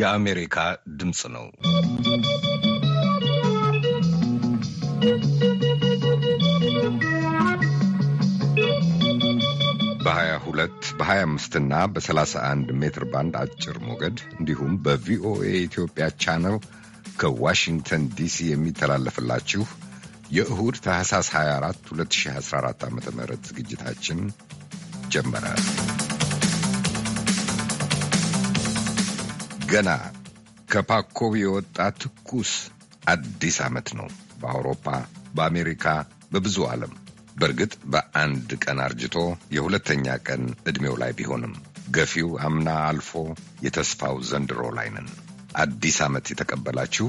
የአሜሪካ ድምፅ ነው። በ22 በ25 እና በ31 ሜትር ባንድ አጭር ሞገድ እንዲሁም በቪኦኤ ኢትዮጵያ ቻነል ከዋሽንግተን ዲሲ የሚተላለፍላችሁ የእሁድ ታህሳስ 24 2014 ዓ ም ዝግጅታችን ጀመረ። ገና ከፓኮብ የወጣ ትኩስ አዲስ ዓመት ነው በአውሮፓ፣ በአሜሪካ፣ በብዙ ዓለም። በእርግጥ በአንድ ቀን አርጅቶ የሁለተኛ ቀን ዕድሜው ላይ ቢሆንም ገፊው አምና አልፎ የተስፋው ዘንድሮ ላይ ነን። አዲስ ዓመት የተቀበላችሁ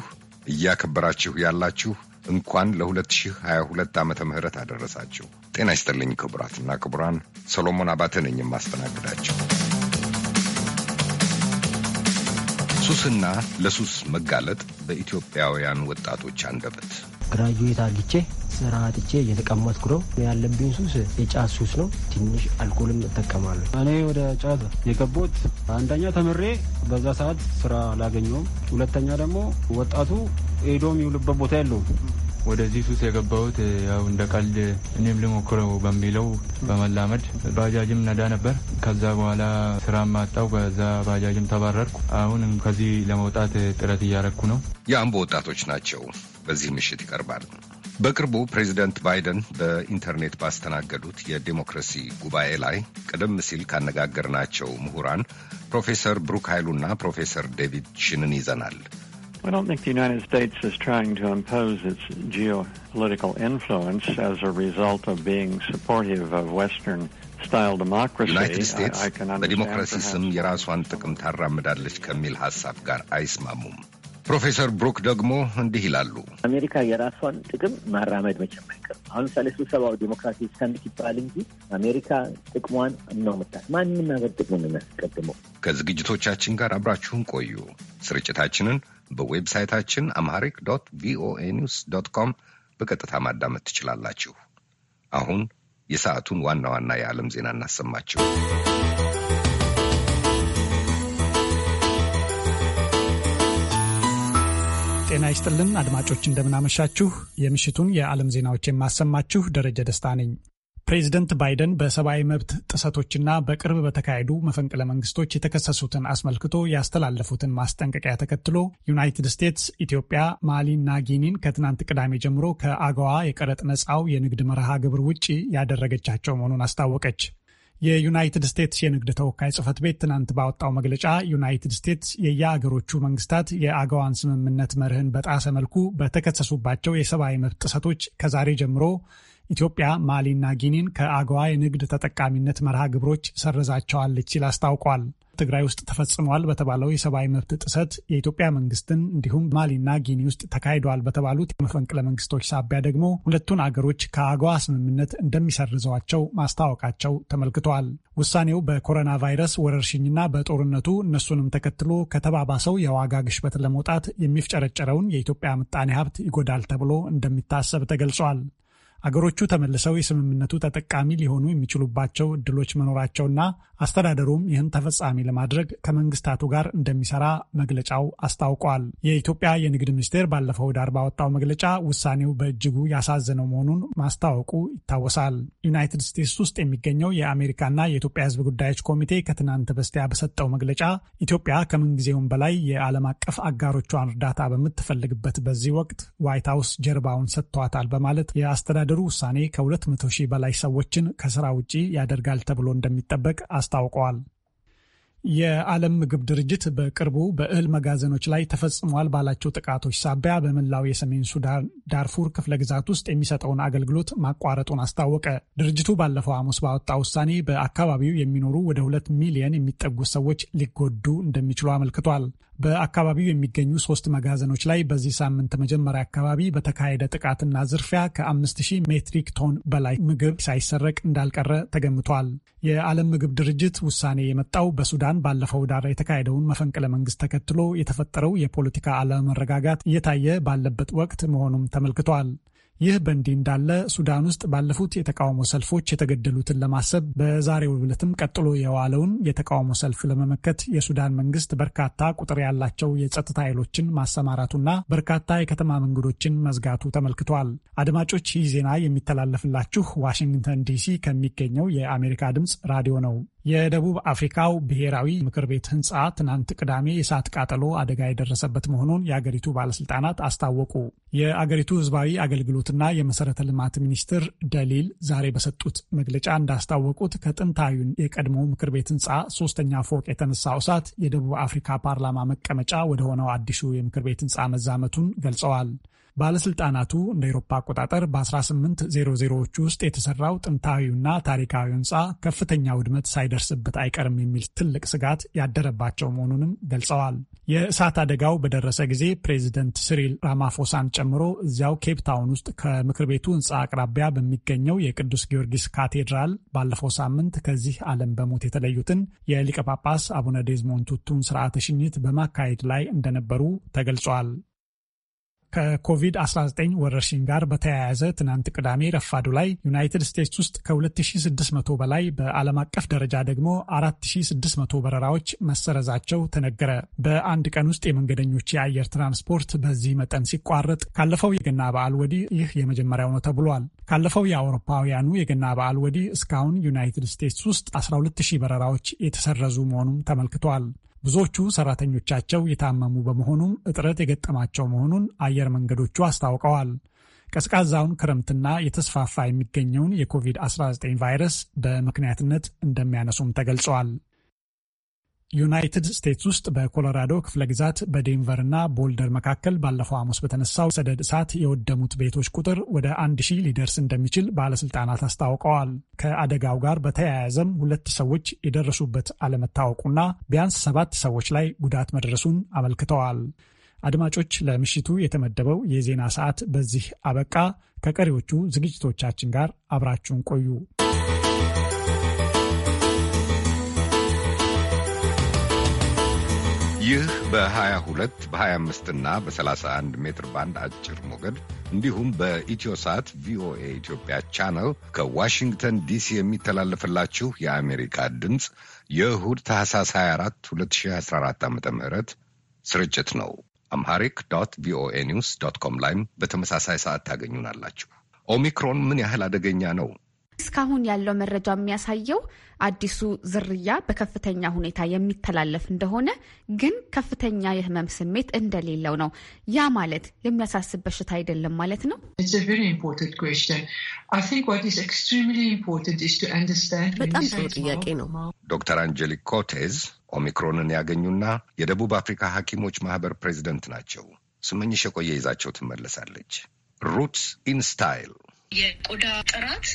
እያከበራችሁ ያላችሁ እንኳን ለ2022 ዓመተ ምህረት አደረሳችሁ። ጤና ይስጥልኝ ክቡራትና ክቡራን፣ ሰሎሞን አባተ ነኝ የማስተናግዳችሁ። ሱስና ለሱስ መጋለጥ በኢትዮጵያውያን ወጣቶች አንደበት ግራጁዌት አግቼ ስራ አጥቼ እየተቀመጥኩ ነው ያለብኝ። ሱስ የጫት ሱስ ነው። ትንሽ አልኮልም እጠቀማለሁ። እኔ ወደ ጫት የገቡት አንደኛ ተምሬ በዛ ሰዓት ስራ አላገኘውም፣ ሁለተኛ ደግሞ ወጣቱ ሄዶ የሚውልበት ቦታ የለውም ወደዚህ ሱስ የገባሁት ያው እንደ ቀልድ እኔም ልሞክረው በሚለው በመላመድ ባጃጅም ነዳ ነበር። ከዛ በኋላ ስራም ማጣው ከዛ ባጃጅም ተባረርኩ። አሁን ከዚህ ለመውጣት ጥረት እያረግኩ ነው። የአምቦ ወጣቶች ናቸው። በዚህ ምሽት ይቀርባል። በቅርቡ ፕሬዚደንት ባይደን በኢንተርኔት ባስተናገዱት የዴሞክራሲ ጉባኤ ላይ ቀደም ሲል ካነጋገርናቸው ምሁራን ፕሮፌሰር ብሩክ ኃይሉና ፕሮፌሰር ዴቪድ ሽንን ይዘናል። I don't think the United States is trying to impose its geopolitical influence as a result of being supportive of Western ዩናይትድ ስቴትስ በዲሞክራሲ ስም የራሷን ጥቅም ታራምዳለች ከሚል ሐሳብ ጋር አይስማሙም። ፕሮፌሰር ብሩክ ደግሞ እንዲህ ይላሉ። አሜሪካ የራሷን ጥቅም ማራመድ መቼም አይቀርም። አሁን ምሳሌ ስብሰባው ዲሞክራሲ ሰሚት ይባል እንጂ አሜሪካ ጥቅሟን ነው ምታት። ማንም ሀገር ጥቅሙን የሚያስቀድመው። ከዝግጅቶቻችን ጋር አብራችሁን ቆዩ። ስርጭታችንን በዌብሳይታችን አምሃሪክ ዶት ቪኦኤ ኒውስ ዶት ኮም በቀጥታ ማዳመጥ ትችላላችሁ። አሁን የሰዓቱን ዋና ዋና የዓለም ዜና እናሰማችሁ። ጤና ይስጥልን አድማጮች፣ እንደምናመሻችሁ። የምሽቱን የዓለም ዜናዎች የማሰማችሁ ደረጀ ደስታ ነኝ። ፕሬዚደንት ባይደን በሰብአዊ መብት ጥሰቶችና በቅርብ በተካሄዱ መፈንቅለ መንግስቶች የተከሰሱትን አስመልክቶ ያስተላለፉትን ማስጠንቀቂያ ተከትሎ ዩናይትድ ስቴትስ ኢትዮጵያ ማሊና ጊኒን ከትናንት ቅዳሜ ጀምሮ ከአገዋ የቀረጥ ነፃው የንግድ መርሃ ግብር ውጭ ያደረገቻቸው መሆኑን አስታወቀች። የዩናይትድ ስቴትስ የንግድ ተወካይ ጽህፈት ቤት ትናንት ባወጣው መግለጫ ዩናይትድ ስቴትስ የየአገሮቹ መንግስታት የአገዋን ስምምነት መርህን በጣሰ መልኩ በተከሰሱባቸው የሰብአዊ መብት ጥሰቶች ከዛሬ ጀምሮ ኢትዮጵያ ማሊና ጊኒን ከአገዋ የንግድ ተጠቃሚነት መርሃ ግብሮች ሰርዛቸዋለች ሲል አስታውቋል። ትግራይ ውስጥ ተፈጽሟል በተባለው የሰብአዊ መብት ጥሰት የኢትዮጵያ መንግስትን እንዲሁም ማሊና ጊኒ ውስጥ ተካሂደዋል በተባሉት የመፈንቅለ መንግስቶች ሳቢያ ደግሞ ሁለቱን አገሮች ከአገዋ ስምምነት እንደሚሰርዘዋቸው ማስታወቃቸው ተመልክተዋል። ውሳኔው በኮሮና ቫይረስ ወረርሽኝና በጦርነቱ እነሱንም ተከትሎ ከተባባሰው የዋጋ ግሽበት ለመውጣት የሚፍጨረጨረውን የኢትዮጵያ ምጣኔ ሀብት ይጎዳል ተብሎ እንደሚታሰብ ተገልጿል። አገሮቹ ተመልሰው የስምምነቱ ተጠቃሚ ሊሆኑ የሚችሉባቸው እድሎች መኖራቸውና አስተዳደሩም ይህን ተፈጻሚ ለማድረግ ከመንግስታቱ ጋር እንደሚሰራ መግለጫው አስታውቋል። የኢትዮጵያ የንግድ ሚኒስቴር ባለፈው ዳር ባወጣው መግለጫ ውሳኔው በእጅጉ ያሳዘነው መሆኑን ማስታወቁ ይታወሳል። ዩናይትድ ስቴትስ ውስጥ የሚገኘው የአሜሪካና የኢትዮጵያ ሕዝብ ጉዳዮች ኮሚቴ ከትናንት በስቲያ በሰጠው መግለጫ ኢትዮጵያ ከምንጊዜውም በላይ የዓለም አቀፍ አጋሮቿን እርዳታ በምትፈልግበት በዚህ ወቅት ዋይት ሀውስ ጀርባውን ሰጥቷታል በማለት የአስተዳደ የአስተዳደሩ ውሳኔ ከ200 ሺህ በላይ ሰዎችን ከስራ ውጪ ያደርጋል ተብሎ እንደሚጠበቅ አስታውቀዋል። የዓለም ምግብ ድርጅት በቅርቡ በእህል መጋዘኖች ላይ ተፈጽሟል ባላቸው ጥቃቶች ሳቢያ በመላው የሰሜን ሱዳን ዳርፉር ክፍለ ግዛት ውስጥ የሚሰጠውን አገልግሎት ማቋረጡን አስታወቀ። ድርጅቱ ባለፈው ሐሙስ ባወጣ ውሳኔ በአካባቢው የሚኖሩ ወደ ሁለት ሚሊየን የሚጠጉ ሰዎች ሊጎዱ እንደሚችሉ አመልክቷል። በአካባቢው የሚገኙ ሶስት መጋዘኖች ላይ በዚህ ሳምንት መጀመሪያ አካባቢ በተካሄደ ጥቃትና ዝርፊያ ከ5000 ሜትሪክ ቶን በላይ ምግብ ሳይሰረቅ እንዳልቀረ ተገምቷል። የዓለም ምግብ ድርጅት ውሳኔ የመጣው በሱዳን ሱዳን ባለፈው ዳር የተካሄደውን መፈንቅለ መንግስት ተከትሎ የተፈጠረው የፖለቲካ አለመረጋጋት እየታየ ባለበት ወቅት መሆኑም ተመልክቷል። ይህ በእንዲህ እንዳለ ሱዳን ውስጥ ባለፉት የተቃውሞ ሰልፎች የተገደሉትን ለማሰብ በዛሬው ዕለትም ቀጥሎ የዋለውን የተቃውሞ ሰልፍ ለመመከት የሱዳን መንግስት በርካታ ቁጥር ያላቸው የጸጥታ ኃይሎችን ማሰማራቱና በርካታ የከተማ መንገዶችን መዝጋቱ ተመልክቷል። አድማጮች፣ ይህ ዜና የሚተላለፍላችሁ ዋሽንግተን ዲሲ ከሚገኘው የአሜሪካ ድምፅ ራዲዮ ነው። የደቡብ አፍሪካው ብሔራዊ ምክር ቤት ህንፃ ትናንት ቅዳሜ የእሳት ቃጠሎ አደጋ የደረሰበት መሆኑን የአገሪቱ ባለስልጣናት አስታወቁ። የአገሪቱ ህዝባዊ አገልግሎትና የመሰረተ ልማት ሚኒስትር ደሊል ዛሬ በሰጡት መግለጫ እንዳስታወቁት ከጥንታዊን የቀድሞ ምክር ቤት ህንፃ ሶስተኛ ፎቅ የተነሳው እሳት የደቡብ አፍሪካ ፓርላማ መቀመጫ ወደ ሆነው አዲሱ የምክር ቤት ህንፃ መዛመቱን ገልጸዋል። ባለስልጣናቱ እንደ ኤሮፓ አቆጣጠር በ1800ዎቹ ውስጥ የተሰራው ጥንታዊውና ታሪካዊ ህንፃ ከፍተኛ ውድመት ሳይደርስበት አይቀርም የሚል ትልቅ ስጋት ያደረባቸው መሆኑንም ገልጸዋል። የእሳት አደጋው በደረሰ ጊዜ ፕሬዚደንት ስሪል ራማፎሳን ጨምሮ እዚያው ኬፕ ታውን ውስጥ ከምክር ቤቱ ህንፃ አቅራቢያ በሚገኘው የቅዱስ ጊዮርጊስ ካቴድራል ባለፈው ሳምንት ከዚህ ዓለም በሞት የተለዩትን የሊቀ ጳጳስ አቡነ ዴዝሞንቱቱን ስርዓተ ሽኝት በማካሄድ ላይ እንደነበሩ ተገልጿል። ከኮቪድ-19 ወረርሽኝ ጋር በተያያዘ ትናንት ቅዳሜ ረፋዱ ላይ ዩናይትድ ስቴትስ ውስጥ ከ2600 በላይ በዓለም አቀፍ ደረጃ ደግሞ 4600 በረራዎች መሰረዛቸው ተነገረ። በአንድ ቀን ውስጥ የመንገደኞች የአየር ትራንስፖርት በዚህ መጠን ሲቋረጥ ካለፈው የገና በዓል ወዲህ ይህ የመጀመሪያው ነው ተብሏል። ካለፈው የአውሮፓውያኑ የገና በዓል ወዲህ እስካሁን ዩናይትድ ስቴትስ ውስጥ 12000 በረራዎች የተሰረዙ መሆኑም ተመልክቷል። ብዙዎቹ ሰራተኞቻቸው የታመሙ በመሆኑም እጥረት የገጠማቸው መሆኑን አየር መንገዶቹ አስታውቀዋል። ቀዝቃዛውን ክረምትና የተስፋፋ የሚገኘውን የኮቪድ-19 ቫይረስ በምክንያትነት እንደሚያነሱም ተገልጸዋል። ዩናይትድ ስቴትስ ውስጥ በኮሎራዶ ክፍለ ግዛት በዴንቨር እና ቦልደር መካከል ባለፈው ሐሙስ በተነሳው ሰደድ እሳት የወደሙት ቤቶች ቁጥር ወደ አንድ ሺህ ሊደርስ እንደሚችል ባለስልጣናት አስታውቀዋል። ከአደጋው ጋር በተያያዘም ሁለት ሰዎች የደረሱበት አለመታወቁና ቢያንስ ሰባት ሰዎች ላይ ጉዳት መድረሱን አመልክተዋል። አድማጮች፣ ለምሽቱ የተመደበው የዜና ሰዓት በዚህ አበቃ። ከቀሪዎቹ ዝግጅቶቻችን ጋር አብራችሁን ቆዩ። ይህ በ22 በ25 እና በ31 ሜትር ባንድ አጭር ሞገድ እንዲሁም በኢትዮሳት ቪኦኤ ኢትዮጵያ ቻናል ከዋሽንግተን ዲሲ የሚተላለፍላችሁ የአሜሪካ ድምፅ የእሁድ ታህሳስ 24 2014 ዓ ም ስርጭት ነው። አምሃሪክ ዶት ቪኦኤ ኒውስ ዶት ኮም ላይም በተመሳሳይ ሰዓት ታገኙናላችሁ። ኦሚክሮን ምን ያህል አደገኛ ነው? እስካሁን ያለው መረጃ የሚያሳየው አዲሱ ዝርያ በከፍተኛ ሁኔታ የሚተላለፍ እንደሆነ ግን ከፍተኛ የህመም ስሜት እንደሌለው ነው። ያ ማለት የሚያሳስብ በሽታ አይደለም ማለት ነው። በጣም ጥሩ ጥያቄ ነው። ዶክተር አንጀሊክ ኮቴዝ ኦሚክሮንን ያገኙና የደቡብ አፍሪካ ሐኪሞች ማህበር ፕሬዚደንት ናቸው። ስመኝሽ የቆየ ይዛቸው ትመለሳለች። ሩትስ ኢን ስታይል የቆዳ ጥራት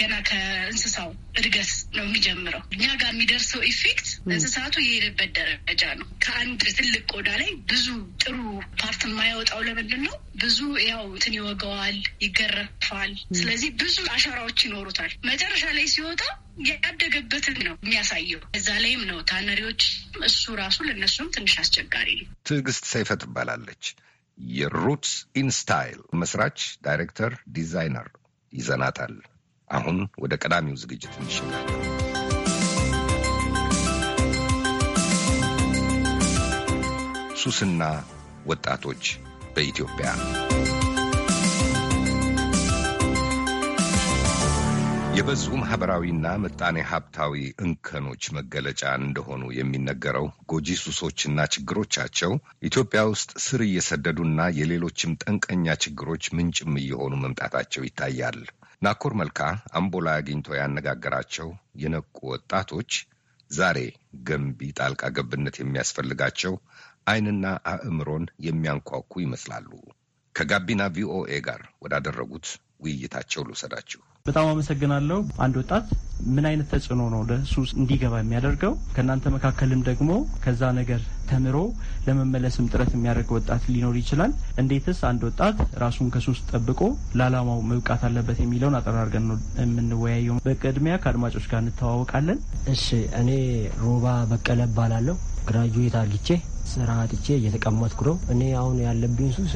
ገና ከእንስሳው እድገት ነው የሚጀምረው። እኛ ጋር የሚደርሰው ኢፌክት እንስሳቱ የሄደበት ደረጃ ነው። ከአንድ ትልቅ ቆዳ ላይ ብዙ ጥሩ ፓርት የማያወጣው ለምንድን ነው? ብዙ ያው እንትን ይወገዋል፣ ይገረፋል። ስለዚህ ብዙ አሻራዎች ይኖሩታል። መጨረሻ ላይ ሲወጣ ያደገበትን ነው የሚያሳየው። እዛ ላይም ነው ታነሪዎች፣ እሱ ራሱ ለእነሱም ትንሽ አስቸጋሪ ነው። ትዕግስት ሰይፈ ትባላለች። የሩትስ ኢንስታይል መስራች ዳይሬክተር፣ ዲዛይነር ይዘናታል። አሁን ወደ ቀዳሚው ዝግጅት እንሸጋለን። ሱስና ወጣቶች በኢትዮጵያ የበዙ ማኅበራዊና ምጣኔ ሀብታዊ እንከኖች መገለጫ እንደሆኑ የሚነገረው ጎጂ ሱሶችና ችግሮቻቸው ኢትዮጵያ ውስጥ ስር እየሰደዱና የሌሎችም ጠንቀኛ ችግሮች ምንጭም እየሆኑ መምጣታቸው ይታያል። ናኮር መልካ አምቦ ላይ አግኝቶ ያነጋገራቸው የነቁ ወጣቶች ዛሬ ገንቢ ጣልቃ ገብነት የሚያስፈልጋቸው አይንና አእምሮን የሚያንኳኩ ይመስላሉ። ከጋቢና ቪኦኤ ጋር ወዳደረጉት ውይይታቸው ልውሰዳችሁ። በጣም አመሰግናለሁ። አንድ ወጣት ምን አይነት ተጽዕኖ ነው ለሱስ እንዲገባ የሚያደርገው? ከእናንተ መካከልም ደግሞ ከዛ ነገር ተምሮ ለመመለስም ጥረት የሚያደርግ ወጣት ሊኖር ይችላል። እንዴትስ አንድ ወጣት ራሱን ከሱስ ጠብቆ ለዓላማው መብቃት አለበት የሚለውን አጠራርገን ነው የምንወያየው። በቅድሚያ ከአድማጮች ጋር እንተዋወቃለን። እሺ፣ እኔ ሮባ በቀለ እባላለሁ። ግራጁዌት አድርጌ ስራ አጥቼ እየተቀመጥኩ ነው። እኔ አሁን ያለብኝ ሱስ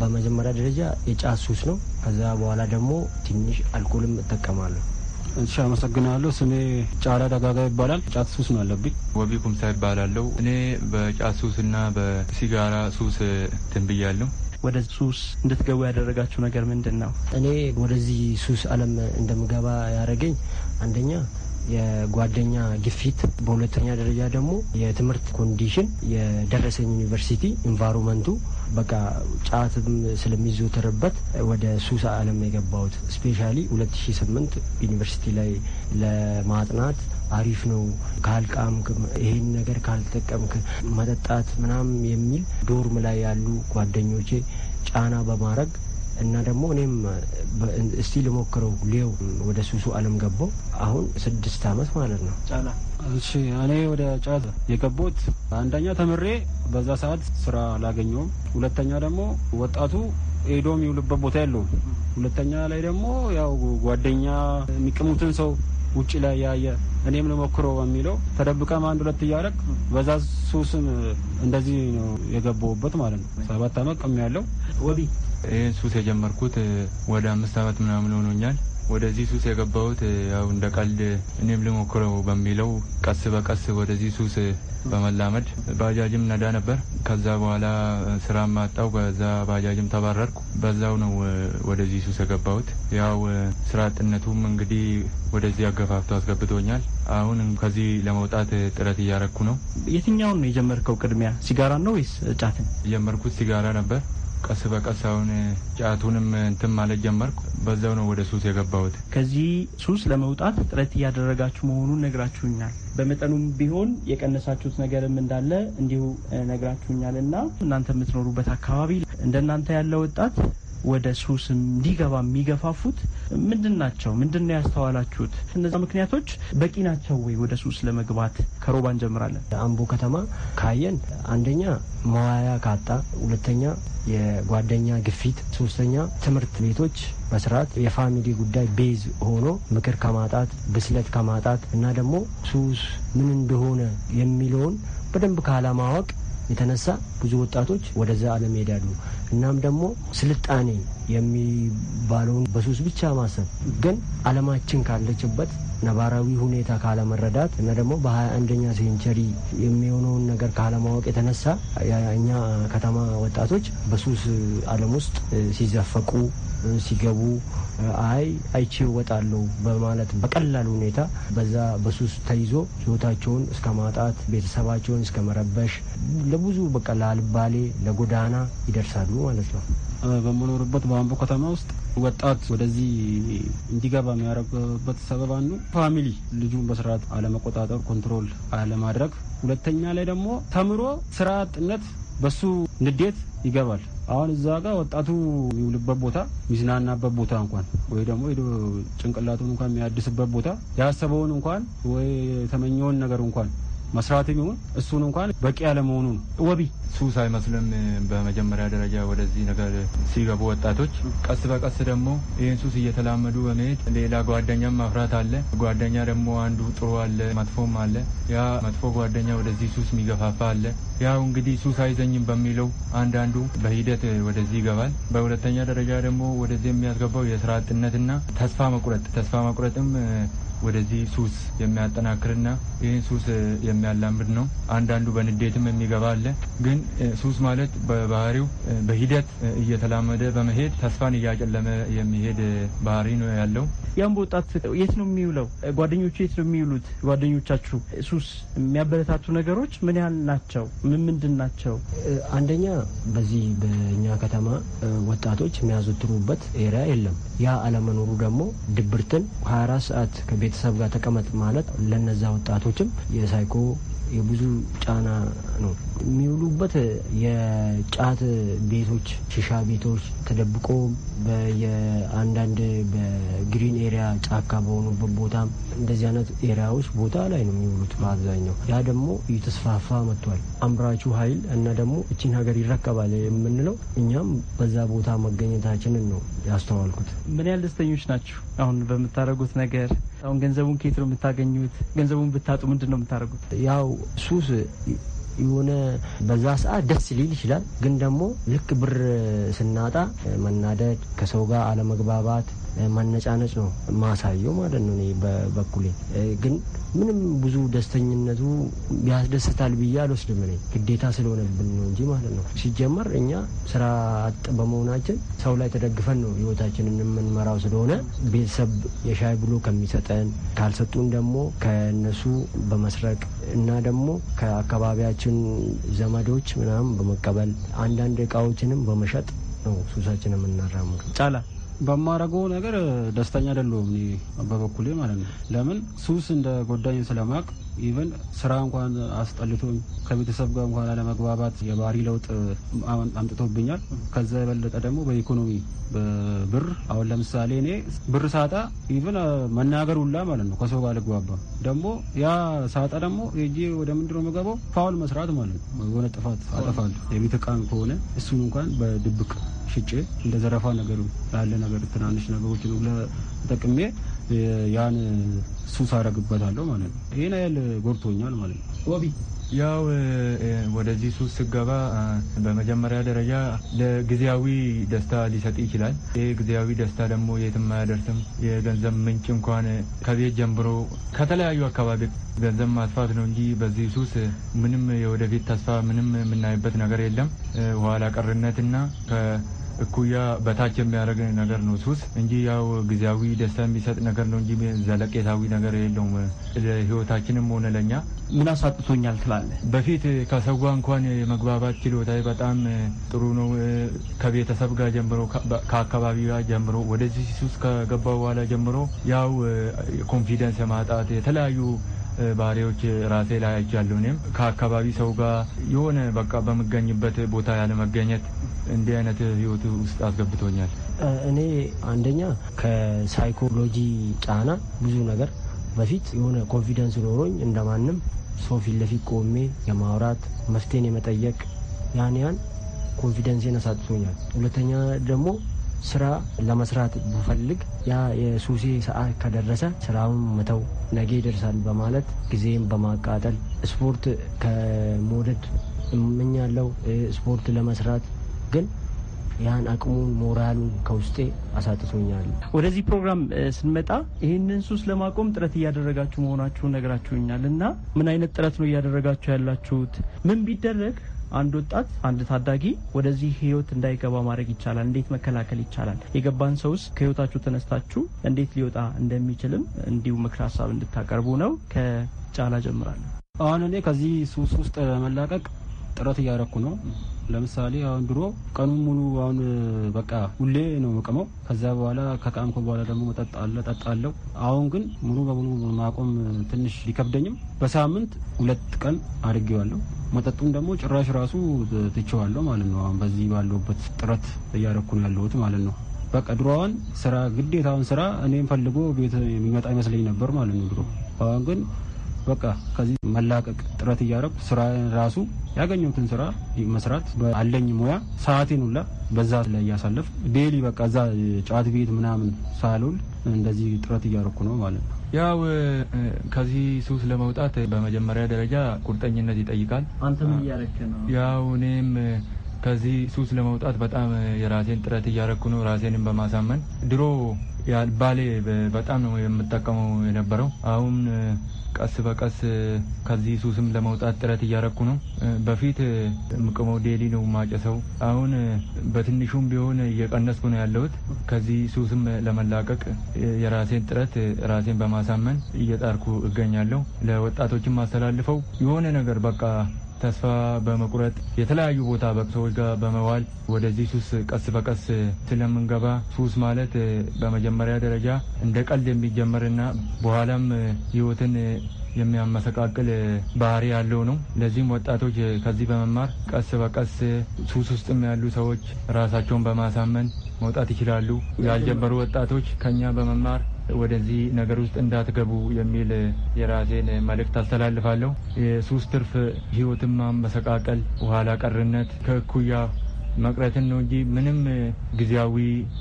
በመጀመሪያ ደረጃ የጫት ሱስ ነው። ከዛ በኋላ ደግሞ ትንሽ አልኮልም እጠቀማለሁ። እሺ፣ አመሰግናለሁ። ስሜ ጫላ ደጋጋ ይባላል። ጫት ሱስ ነው አለብኝ። ወቢ ኩምሳ ይባላለሁ። እኔ በጫት ሱስ በሲጋራ ሱስ ትንብያለሁ። ወደ ሱስ እንድትገቡ ያደረጋችሁ ነገር ምንድን ነው? እኔ ወደዚህ ሱስ አለም እንደምገባ ያደረገኝ አንደኛ የጓደኛ ግፊት፣ በሁለተኛ ደረጃ ደግሞ የትምህርት ኮንዲሽን፣ የደረሰኝ ዩኒቨርሲቲ ኢንቫይሮመንቱ በቃ ጫትም ስለሚዘወተርበት ወደ ሱስ አለም የገባሁት ስፔሻሊ 2008 ዩኒቨርሲቲ ላይ ለማጥናት አሪፍ ነው ካልቃምክ፣ ይሄን ነገር ካልጠቀምክ መጠጣት ምናምን የሚል ዶርም ላይ ያሉ ጓደኞቼ ጫና በማድረግ እና ደግሞ እኔም እስቲ ልሞክረው ሌው ወደ ሱሱ አለም ገባው። አሁን ስድስት አመት ማለት ነው። እሺ፣ እኔ ወደ ጫት የገባሁት አንደኛ ተምሬ በዛ ሰዓት ስራ አላገኘውም። ሁለተኛ ደግሞ ወጣቱ ሄዶ የሚውልበት ቦታ የለውም። ሁለተኛ ላይ ደግሞ ያው ጓደኛ የሚቅሙትን ሰው ውጭ ላይ ያየ እኔም ልሞክረው በሚለው ተደብቀም አንድ ሁለት እያደረግ በዛ ሱስም እንደዚህ ነው የገባውበት ማለት ነው። ሰባት አመት ቀም ያለው ወቢ ይህን ሱስ የጀመርኩት ወደ አምስት አመት ምናምን ሆኖኛል። ወደዚህ ሱስ የገባሁት ያው እንደ ቀልድ እኔም ልሞክረው በሚለው ቀስ በቀስ ወደዚህ ሱስ በመላመድ ባጃጅም ነዳ ነበር። ከዛ በኋላ ስራም ማጣው በዛ ባጃጅም ተባረርኩ። በዛው ነው ወደዚህ ሱስ የገባሁት። ያው ስራ አጥነቱም እንግዲህ ወደዚህ አገፋፍቶ አስገብቶኛል። አሁን ከዚህ ለመውጣት ጥረት እያረኩ ነው። የትኛውን ነው የጀመርከው? ቅድሚያ ሲጋራ ነው ወይስ ጫትን? የጀመርኩት ሲጋራ ነበር። ቀስ በቀስ አሁን ጫቱንም እንትን ማለት ጀመርኩ። በዛው ነው ወደ ሱስ የገባሁት። ከዚህ ሱስ ለመውጣት ጥረት እያደረጋችሁ መሆኑን ነግራችሁኛል። በመጠኑም ቢሆን የቀነሳችሁት ነገርም እንዳለ እንዲሁ ነግራችሁኛል እና እናንተ የምትኖሩበት አካባቢ እናንተ ያለ ወጣት ወደ ሱስ እንዲገባ የሚገፋፉት ምንድን ናቸው? ምንድን ነው ያስተዋላችሁት? እነዚ ምክንያቶች በቂ ናቸው ወይ ወደ ሱስ ለመግባት? ከሮባ እንጀምራለን። አምቦ ከተማ ካየን አንደኛ መዋያ ካጣ፣ ሁለተኛ የጓደኛ ግፊት፣ ሶስተኛ ትምህርት ቤቶች መስራት የፋሚሊ ጉዳይ ቤዝ ሆኖ ምክር ከማጣት ብስለት ከማጣት እና ደግሞ ሱስ ምን እንደሆነ የሚለውን በደንብ ካለማወቅ የተነሳ ብዙ ወጣቶች ወደዛ አለም ይሄዳሉ። እናም ደግሞ ስልጣኔ የሚባለውን በሱስ ብቻ ማሰብ ግን አለማችን ካለችበት ነባራዊ ሁኔታ ካለመረዳት እና ደግሞ በሀያ አንደኛ ሴንቸሪ የሚሆነውን ነገር ካለማወቅ የተነሳ የእኛ ከተማ ወጣቶች በሱስ አለም ውስጥ ሲዘፈቁ ሲገቡ አይ አይቼ እወጣለሁ በማለት በቀላል ሁኔታ በዛ በሱስ ተይዞ ህይወታቸውን እስከ ማጣት ቤተሰባቸውን እስከ መረበሽ ለብዙ በቃ ለአልባሌ ለጎዳና ይደርሳሉ ማለት ነው። በምኖርበት በአምቦ ከተማ ውስጥ ወጣት ወደዚህ እንዲገባ የሚያደርግበት ሰበብ አንዱ ፋሚሊ ልጁን በስርዓት አለመቆጣጠር፣ ኮንትሮል አለማድረግ፣ ሁለተኛ ላይ ደግሞ ተምሮ ስራ አጥነት በሱ ንዴት ይገባል። አሁን እዛ ጋር ወጣቱ የሚውልበት ቦታ የሚዝናናበት ቦታ እንኳን ወይ ደግሞ ሄዶ ጭንቅላቱን እንኳን የሚያድስበት ቦታ ያሰበውን እንኳን ወይ የተመኘውን ነገር እንኳን መስራት የሚሆን እሱን እንኳን በቂ ያለመሆኑ ነው። ወቢ ሱስ አይመስልም። በመጀመሪያ ደረጃ ወደዚህ ነገር ሲገቡ ወጣቶች ቀስ በቀስ ደግሞ ይህን ሱስ እየተላመዱ በመሄድ ሌላ ጓደኛም ማፍራት አለ። ጓደኛ ደግሞ አንዱ ጥሩ አለ፣ መጥፎም አለ። ያ መጥፎ ጓደኛ ወደዚህ ሱስ የሚገፋፋ አለ። ያው እንግዲህ ሱስ አይዘኝም በሚለው አንዳንዱ በሂደት ወደዚህ ይገባል። በሁለተኛ ደረጃ ደግሞ ወደዚህ የሚያስገባው የስራ አጥነትና ተስፋ መቁረጥ ተስፋ መቁረጥም ወደዚህ ሱስ የሚያጠናክርና ይህን ሱስ የሚያላምድ ነው። አንዳንዱ በንዴትም የሚገባ አለ። ግን ሱስ ማለት በባህሪው በሂደት እየተላመደ በመሄድ ተስፋን እያጨለመ የሚሄድ ባህሪ ነው ያለው። ያም በወጣት የት ነው የሚውለው? ጓደኞቹ የት ነው የሚውሉት? ጓደኞቻችሁ ሱስ የሚያበረታቱ ነገሮች ምን ያህል ናቸው? ምን ምንድን ናቸው? አንደኛ በዚህ በእኛ ከተማ ወጣቶች የሚያዘወትሩበት ኤሪያ የለም። ያ አለመኖሩ ደግሞ ድብርትን 24 ሰዓት ከቤት ቤተሰብ ጋር ተቀመጥ ማለት ለነዛ ወጣቶችም የሳይኮ የብዙ ጫና ነው። የሚውሉበት የጫት ቤቶች፣ ሽሻ ቤቶች ተደብቆ በየአንዳንድ በግሪን ኤሪያ ጫካ በሆኑበት ቦታ እንደዚህ አይነት ኤሪያዎች ቦታ ላይ ነው የሚውሉት በአብዛኛው። ያ ደግሞ እየተስፋፋ መጥቷል። አምራቹ ኃይል እና ደግሞ እችን ሀገር ይረከባል የምንለው እኛም በዛ ቦታ መገኘታችንን ነው ያስተዋልኩት። ምን ያህል ደስተኞች ናችሁ አሁን በምታደርጉት ነገር? አሁን ገንዘቡን ከየት ነው የምታገኙት? ገንዘቡን ብታጡ ምንድን ነው የምታደርጉት? ያው ሱስ የሆነ በዛ ሰዓት ደስ ሊል ይችላል። ግን ደግሞ ልክ ብር ስናጣ መናደድ፣ ከሰው ጋር አለመግባባት፣ ማነጫነጭ ነው ማሳየው ማለት ነው። እኔ በበኩሌ ግን ምንም ብዙ ደስተኝነቱ ያስደስታል ብዬ አልወስድም። እኔ ግዴታ ስለሆነብን ነው እንጂ ማለት ነው። ሲጀመር እኛ ስራ አጥ በመሆናችን ሰው ላይ ተደግፈን ነው ህይወታችንን የምንመራው ስለሆነ ቤተሰብ የሻይ ብሎ ከሚሰጠን ካልሰጡን ደግሞ ከነሱ በመስረቅ እና ደግሞ ከአካባቢያችን የሌሎችን ዘመዶች ምናምን በመቀበል አንዳንድ እቃዎችንም በመሸጥ ነው ሱሳችን የምናራምዱ። ጫላ በማረገው ነገር ደስተኛ አይደለሁም በበኩሌ ማለት ነው። ለምን ሱስ እንደ ጎዳኝ ስለማቅ ኢቨን ስራ እንኳን አስጠልቶኝ ከቤተሰብ ጋር እንኳን አለመግባባት የባህሪ ለውጥ አምጥቶብኛል። ከዛ የበለጠ ደግሞ በኢኮኖሚ ብር አሁን ለምሳሌ እኔ ብር ሳጣ ኢቨን መናገር ሁላ ማለት ነው ከሰው ጋር ልግባባ ደግሞ ያ ሳጣ ደግሞ ሄጄ ወደ ምንድን ነው የምገባው ፋውል መስራት ማለት ነው። የሆነ ጥፋት አጠፋል የቤት እቃም ከሆነ እሱን እንኳን በድብቅ ሽጬ እንደ ዘረፋ ነገሩ ያለ ነገር ትናንሽ ነገሮችን ተጠቅሜ ያን ሱስ አረግበታለሁ ማለት ነው። ይህን ያህል ጎድቶኛል ማለት ነው። ወቢ ያው ወደዚህ ሱስ ስገባ በመጀመሪያ ደረጃ ለጊዜያዊ ደስታ ሊሰጥ ይችላል። ይህ ጊዜያዊ ደስታ ደግሞ የትም አያደርስም። የገንዘብ ምንጭ እንኳን ከቤት ጀምሮ ከተለያዩ አካባቢ ገንዘብ ማጥፋት ነው እንጂ በዚህ ሱስ ምንም የወደፊት ተስፋ ምንም የምናይበት ነገር የለም። ኋላ ቀርነትና እኩያ በታች የሚያደርግ ነገር ነው ሱስ እንጂ ያው ጊዜያዊ ደስታ የሚሰጥ ነገር ነው እንጂ ዘለቄታዊ ነገር የለውም። ለህይወታችንም ሆነ ለኛ ምን አሳጥቶኛል ትላለ። በፊት ከሰዋ እንኳን የመግባባት ችሎታ በጣም ጥሩ ነው። ከቤተሰብ ጋር ጀምሮ ከአካባቢ ጋር ጀምሮ ወደዚህ ሱስ ከገባ በኋላ ጀምሮ ያው ኮንፊደንስ የማጣት የተለያዩ ባህሪዎች ራሴ ላይ አይቻለሁ። እኔም ከአካባቢ ሰው ጋር የሆነ በቃ በምገኝበት ቦታ ያለመገኘት እንዲህ አይነት ህይወት ውስጥ አስገብቶኛል። እኔ አንደኛ ከሳይኮሎጂ ጫና ብዙ ነገር በፊት የሆነ ኮንፊደንስ ኖሮኝ እንደማንም ሰው ፊት ለፊት ቆሜ የማውራት መፍትሄን የመጠየቅ ያን ያን ኮንፊደንሴን አሳጥቶኛል። ሁለተኛ ደግሞ ስራ ለመስራት ብፈልግ ያ የሱሴ ሰዓት ከደረሰ ስራውን መተው ነገ ይደርሳል በማለት ጊዜም በማቃጠል ስፖርት ከመውደድ እመኛለው ስፖርት ለመስራት ግን ያን አቅሙን ሞራሉን ከውስጤ አሳጥቶኛል። ወደዚህ ፕሮግራም ስንመጣ ይህንን ሱስ ለማቆም ጥረት እያደረጋችሁ መሆናችሁን ነግራችሁኛል እና ምን አይነት ጥረት ነው እያደረጋችሁ ያላችሁት? ምን ቢደረግ አንድ ወጣት አንድ ታዳጊ ወደዚህ ህይወት እንዳይገባ ማድረግ ይቻላል? እንዴት መከላከል ይቻላል? የገባን ሰውስ ከህይወታችሁ ተነስታችሁ እንዴት ሊወጣ እንደሚችልም እንዲሁ ምክር ሀሳብ እንድታቀርቡ ነው። ከጫላ ጀምራለሁ። አሁን እኔ ከዚህ ሱስ ውስጥ ለመላቀቅ ጥረት እያደረኩ ነው። ለምሳሌ አሁን ድሮ ቀኑን ሙሉ አሁን በቃ ሁሌ ነው መቀመው። ከዛ በኋላ ከቃምኩ በኋላ ደግሞ መጠጥ አለ ጠጣለሁ። አሁን ግን ሙሉ በሙሉ ማቆም ትንሽ ቢከብደኝም በሳምንት ሁለት ቀን አድርጌዋለሁ። መጠጡም ደግሞ ጭራሽ ራሱ ትቼዋለሁ ማለት ነው። አሁን በዚህ ባለሁበት ጥረት እያደረኩ ነው ያለሁት ማለት ነው። በቃ ድሮዋን ስራ ግዴታውን ስራ እኔም ፈልጎ ቤት የሚመጣ ይመስለኝ ነበር ማለት ነው ድሮ። አሁን ግን በቃ ከዚህ መላቀቅ ጥረት እያደረኩ ስራ ራሱ ያገኘሁትን ስራ መስራት አለኝ ሙያ ሰዓቴን ሁላ በዛ ላይ እያሳለፍ ዴሊ በቃ እዛ ጫት ቤት ምናምን ሳልውል እንደዚህ ጥረት እያደረኩ ነው ማለት ነው። ያው ከዚህ ሱስ ለመውጣት በመጀመሪያ ደረጃ ቁርጠኝነት ይጠይቃል። አንተ ምን እያደረክ ነው? ያው እኔም ከዚህ ሱስ ለመውጣት በጣም የራሴን ጥረት እያደረኩ ነው፣ ራሴንም በማሳመን ድሮ ባሌ በጣም ነው የምጠቀመው የነበረው አሁን ቀስ በቀስ ከዚህ ሱስም ለመውጣት ጥረት እያረኩ ነው። በፊት ምቅመው ዴሊ ነው ማጨሰው። አሁን በትንሹም ቢሆን እየቀነስኩ ነው ያለሁት። ከዚህ ሱስም ለመላቀቅ የራሴን ጥረት ራሴን በማሳመን እየጣርኩ እገኛለሁ። ለወጣቶችም አስተላልፈው የሆነ ነገር በቃ ተስፋ በመቁረጥ የተለያዩ ቦታ በሰዎች ጋር በመዋል ወደዚህ ሱስ ቀስ በቀስ ስለምንገባ ሱስ ማለት በመጀመሪያ ደረጃ እንደ ቀልድ የሚጀመርና በኋላም ህይወትን የሚያመሰቃቅል ባህሪ ያለው ነው። ለዚህም ወጣቶች ከዚህ በመማር ቀስ በቀስ ሱስ ውስጥም ያሉ ሰዎች ራሳቸውን በማሳመን መውጣት ይችላሉ። ያልጀመሩ ወጣቶች ከኛ በመማር ወደዚህ ነገር ውስጥ እንዳትገቡ የሚል የራሴን መልእክት አስተላልፋለሁ። የሱስ ትርፍ ህይወትማ መሰቃቀል ኋላ ቀርነት፣ ከእኩያ መቅረትን ነው እንጂ ምንም ጊዜያዊ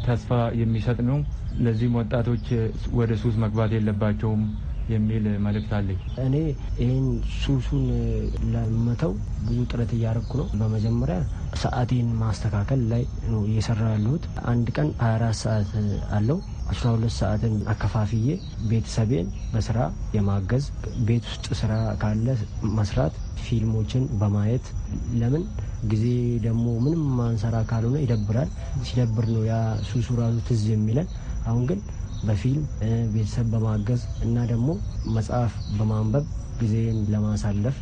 ተስፋ የሚሰጥ ነው። ለዚህም ወጣቶች ወደ ሱስ መግባት የለባቸውም የሚል መልእክት አለኝ። እኔ ይህን ሱሱን ለመተው ብዙ ጥረት እያደረግኩ ነው። በመጀመሪያ ሰዓቴን ማስተካከል ላይ ነው እየሰራ ያለሁት። አንድ ቀን 24 ሰዓት አለው ሁለት ሰዓትን አከፋፍዬ ቤተሰቤን በስራ የማገዝ ቤት ውስጥ ስራ ካለ መስራት፣ ፊልሞችን በማየት ለምን ጊዜ ደግሞ ምንም ማንሰራ ካልሆነ ይደብራል። ሲደብር ነው ያ ሱሱ ራሱ ትዝ የሚለን። አሁን ግን በፊልም ቤተሰብ በማገዝ እና ደግሞ መጽሐፍ በማንበብ ጊዜን ለማሳለፍ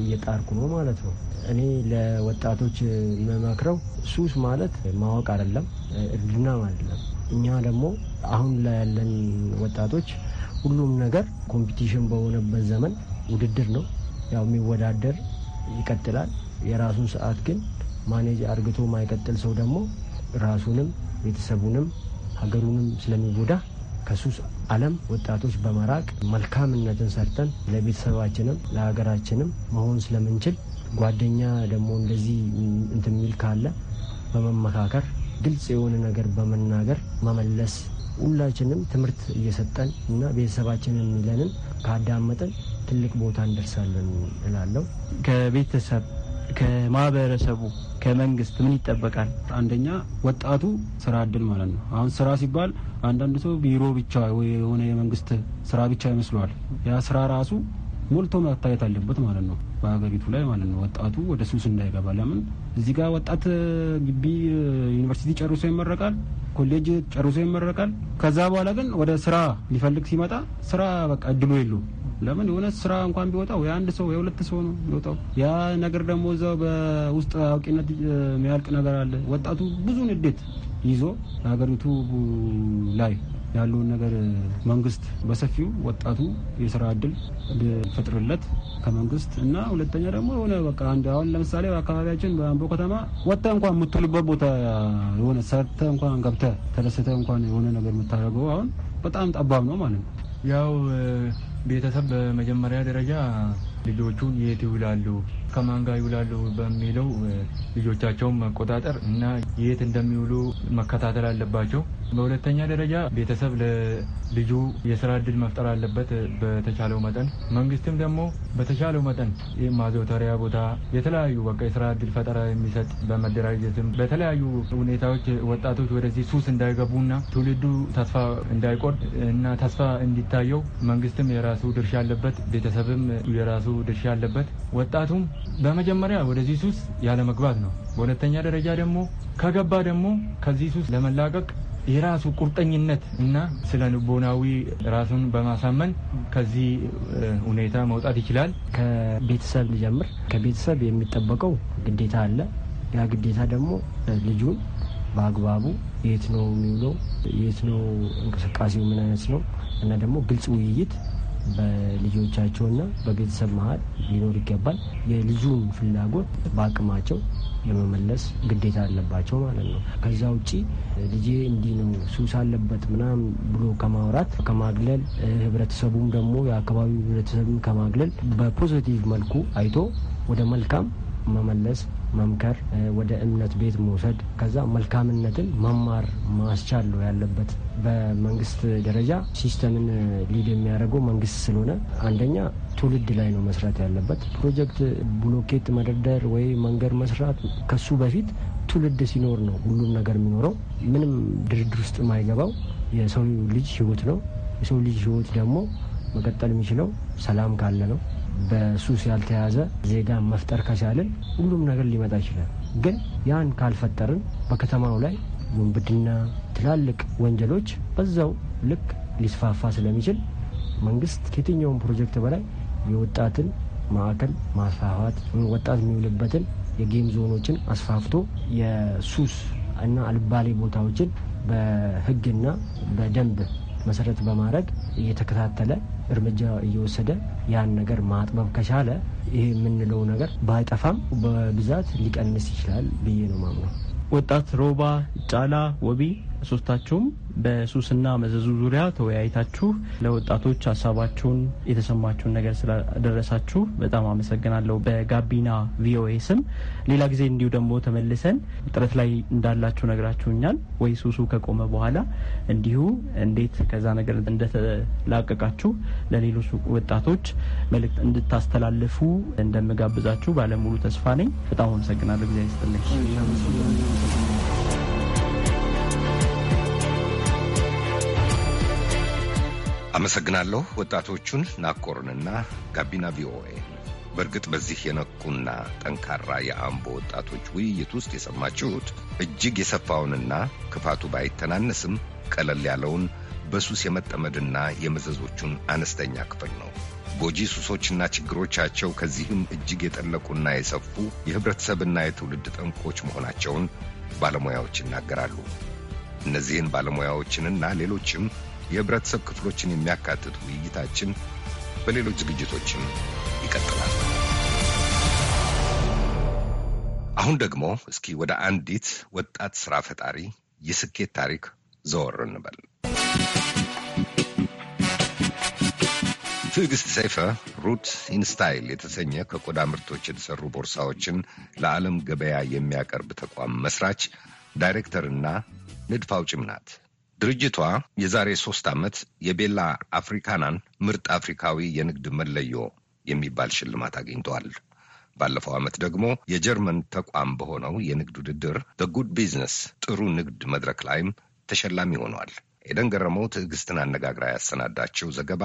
እየጣርኩ ነው ማለት ነው። እኔ ለወጣቶች የምመክረው ሱስ ማለት ማወቅ አይደለም፣ እርድናም አይደለም እኛ ደግሞ አሁን ላይ ያለን ወጣቶች ሁሉም ነገር ኮምፒቲሽን በሆነበት ዘመን ውድድር ነው። ያው የሚወዳደር ይቀጥላል። የራሱን ሰዓት ግን ማኔጅ አርግቶ ማይቀጥል ሰው ደግሞ ራሱንም ቤተሰቡንም ሀገሩንም ስለሚጎዳ ከሱስ ዓለም ወጣቶች በመራቅ መልካምነትን ሰርተን ለቤተሰባችንም ለሀገራችንም መሆን ስለምንችል ጓደኛ ደግሞ እንደዚህ እንትን የሚል ካለ በመመካከር ግልጽ የሆነ ነገር በመናገር መመለስ ሁላችንም ትምህርት እየሰጠን እና ቤተሰባችንን የሚለንን ካዳመጠን ትልቅ ቦታ እንደርሳለን እላለሁ። ከቤተሰብ ከማህበረሰቡ፣ ከመንግስት ምን ይጠበቃል? አንደኛ ወጣቱ ስራ እድል ማለት ነው። አሁን ስራ ሲባል አንዳንድ ሰው ቢሮ ብቻ የሆነ የመንግስት ስራ ብቻ ይመስለዋል። ያ ስራ ራሱ ሞልቶ መታየት አለበት ማለት ነው። በሀገሪቱ ላይ ማለት ነው። ወጣቱ ወደ ሱስ እንዳይገባ። ለምን እዚህ ጋር ወጣት ግቢ ዩኒቨርሲቲ ጨርሶ ይመረቃል፣ ኮሌጅ ጨርሶ ይመረቃል። ከዛ በኋላ ግን ወደ ስራ ሊፈልግ ሲመጣ ስራ በቃ እድሉ የሉ ለምን የሆነ ስራ እንኳን ቢወጣው የአንድ ሰው የሁለት ሰው ነው የሚወጣው ያ ነገር ደግሞ እዛው በውስጥ አዋቂነት የሚያልቅ ነገር አለ። ወጣቱ ብዙ ንዴት ይዞ በሀገሪቱ ላይ ያለውን ነገር መንግስት በሰፊው ወጣቱ የስራ እድል ፍጥርለት ከመንግስት እና ሁለተኛ ደግሞ የሆነ በቃ አንድ አሁን ለምሳሌ በአካባቢያችን በአምቦ ከተማ ወጥተ እንኳን የምትሉበት ቦታ የሆነ ሰርተ እንኳን ገብተ ተደስተ እንኳን የሆነ ነገር የምታደርገው አሁን በጣም ጠባብ ነው ማለት ነው። ያው ቤተሰብ በመጀመሪያ ደረጃ ልጆቹ የት ይውላሉ ከማን ጋር ይውላሉ በሚለው ልጆቻቸውን መቆጣጠር እና የት እንደሚውሉ መከታተል አለባቸው። በሁለተኛ ደረጃ ቤተሰብ ለልጁ የስራ እድል መፍጠር አለበት በተቻለው መጠን። መንግስትም ደግሞ በተቻለው መጠን ማዘውተሪያ ቦታ የተለያዩ በቃ የስራ እድል ፈጠራ የሚሰጥ በመደራጀትም በተለያዩ ሁኔታዎች ወጣቶች ወደዚህ ሱስ እንዳይገቡና ትውልዱ ተስፋ እንዳይቆርጥ እና ተስፋ እንዲታየው መንግስትም የራሱ ድርሻ አለበት፣ ቤተሰብም የራሱ ድርሻ አለበት። ወጣቱም በመጀመሪያ ወደዚህ ሱስ ያለመግባት ነው። በሁለተኛ ደረጃ ደግሞ ከገባ ደግሞ ከዚህ ሱስ ለመላቀቅ የራሱ ቁርጠኝነት እና ስለ ልቦናዊ ራሱን በማሳመን ከዚህ ሁኔታ መውጣት ይችላል። ከቤተሰብ ልጀምር። ከቤተሰብ የሚጠበቀው ግዴታ አለ። ያ ግዴታ ደግሞ ልጁን በአግባቡ የት ነው የሚውለው፣ የት ነው እንቅስቃሴው፣ ምን አይነት ነው እና ደግሞ ግልጽ ውይይት በልጆቻቸውና በቤተሰብ መሀል ሊኖር ይገባል። የልጁን ፍላጎት በአቅማቸው የመመለስ ግዴታ አለባቸው ማለት ነው። ከዛ ውጪ ልጄ እንዲህ ነው ሱስ አለበት ምናምን ብሎ ከማውራት ከማግለል፣ ህብረተሰቡም ደግሞ የአካባቢው ህብረተሰብን ከማግለል በፖዘቲቭ መልኩ አይቶ ወደ መልካም መመለስ መምከር፣ ወደ እምነት ቤት መውሰድ፣ ከዛ መልካምነትን መማር ማስቻል ያለበት። በመንግስት ደረጃ ሲስተምን ሊድ የሚያደርገው መንግስት ስለሆነ አንደኛ ትውልድ ላይ ነው መስራት ያለበት። ፕሮጀክት ብሎኬት መደርደር ወይ መንገድ መስራት ከሱ በፊት ትውልድ ሲኖር ነው ሁሉም ነገር የሚኖረው። ምንም ድርድር ውስጥ የማይገባው የሰው ልጅ ህይወት ነው። የሰው ልጅ ህይወት ደግሞ መቀጠል የሚችለው ሰላም ካለ ነው። በሱስ ያልተያዘ ዜጋ መፍጠር ከቻልን ሁሉም ነገር ሊመጣ ይችላል። ግን ያን ካልፈጠርን በከተማው ላይ ውንብድና፣ ትላልቅ ወንጀሎች በዛው ልክ ሊስፋፋ ስለሚችል መንግስት ከየትኛውም ፕሮጀክት በላይ የወጣትን ማዕከል ማስፋፋት ወጣት የሚውልበትን የጌም ዞኖችን አስፋፍቶ የሱስ እና አልባሌ ቦታዎችን በህግና በደንብ መሰረት በማድረግ እየተከታተለ እርምጃ እየወሰደ ያን ነገር ማጥበብ ከቻለ ይሄ የምንለው ነገር ባይጠፋም በብዛት ሊቀንስ ይችላል ብዬ ነው ማምነው። ወጣት ሮባ ጫላ ወቢ ሶስታችሁም በሱስና መዘዙ ዙሪያ ተወያይታችሁ ለወጣቶች ሀሳባችሁን የተሰማችሁን ነገር ስላደረሳችሁ በጣም አመሰግናለሁ። በጋቢና ቪኦኤ ስም ሌላ ጊዜ እንዲሁ ደግሞ ተመልሰን ጥረት ላይ እንዳላችሁ ነግራችሁኛል ወይ ሱሱ ከቆመ በኋላ እንዲሁ እንዴት ከዛ ነገር እንደተላቀቃችሁ ለሌሎች ወጣቶች መልእክት እንድታስተላልፉ እንደምጋብዛችሁ ባለሙሉ ተስፋ ነኝ። በጣም አመሰግናለሁ። ጊዜ ይስጥልኝ። አመሰግናለሁ ወጣቶቹን ናኮርንና ጋቢና ቪኦኤ። በእርግጥ በዚህ የነቁና ጠንካራ የአምቦ ወጣቶች ውይይት ውስጥ የሰማችሁት እጅግ የሰፋውንና ክፋቱ ባይተናነስም ቀለል ያለውን በሱስ የመጠመድና የመዘዞቹን አነስተኛ ክፍል ነው። ጎጂ ሱሶችና ችግሮቻቸው ከዚህም እጅግ የጠለቁና የሰፉ የህብረተሰብና የትውልድ ጠንቆች መሆናቸውን ባለሙያዎች ይናገራሉ። እነዚህን ባለሙያዎችንና ሌሎችም የህብረተሰብ ክፍሎችን የሚያካትት ውይይታችን በሌሎች ዝግጅቶችም ይቀጥላል። አሁን ደግሞ እስኪ ወደ አንዲት ወጣት ስራ ፈጣሪ የስኬት ታሪክ ዘወር እንበል። ትዕግስት ሰይፈ ሩት ኢንስታይል የተሰኘ ከቆዳ ምርቶች የተሰሩ ቦርሳዎችን ለዓለም ገበያ የሚያቀርብ ተቋም መስራች ዳይሬክተርና ንድፍ አውጪም ናት። ድርጅቷ የዛሬ ሶስት ዓመት የቤላ አፍሪካናን ምርጥ አፍሪካዊ የንግድ መለዮ የሚባል ሽልማት አግኝተዋል። ባለፈው ዓመት ደግሞ የጀርመን ተቋም በሆነው የንግድ ውድድር በጉድ ቢዝነስ ጥሩ ንግድ መድረክ ላይም ተሸላሚ ሆኗል። ኤደን ገረመው ትዕግስትን አነጋግራ ያሰናዳቸው ዘገባ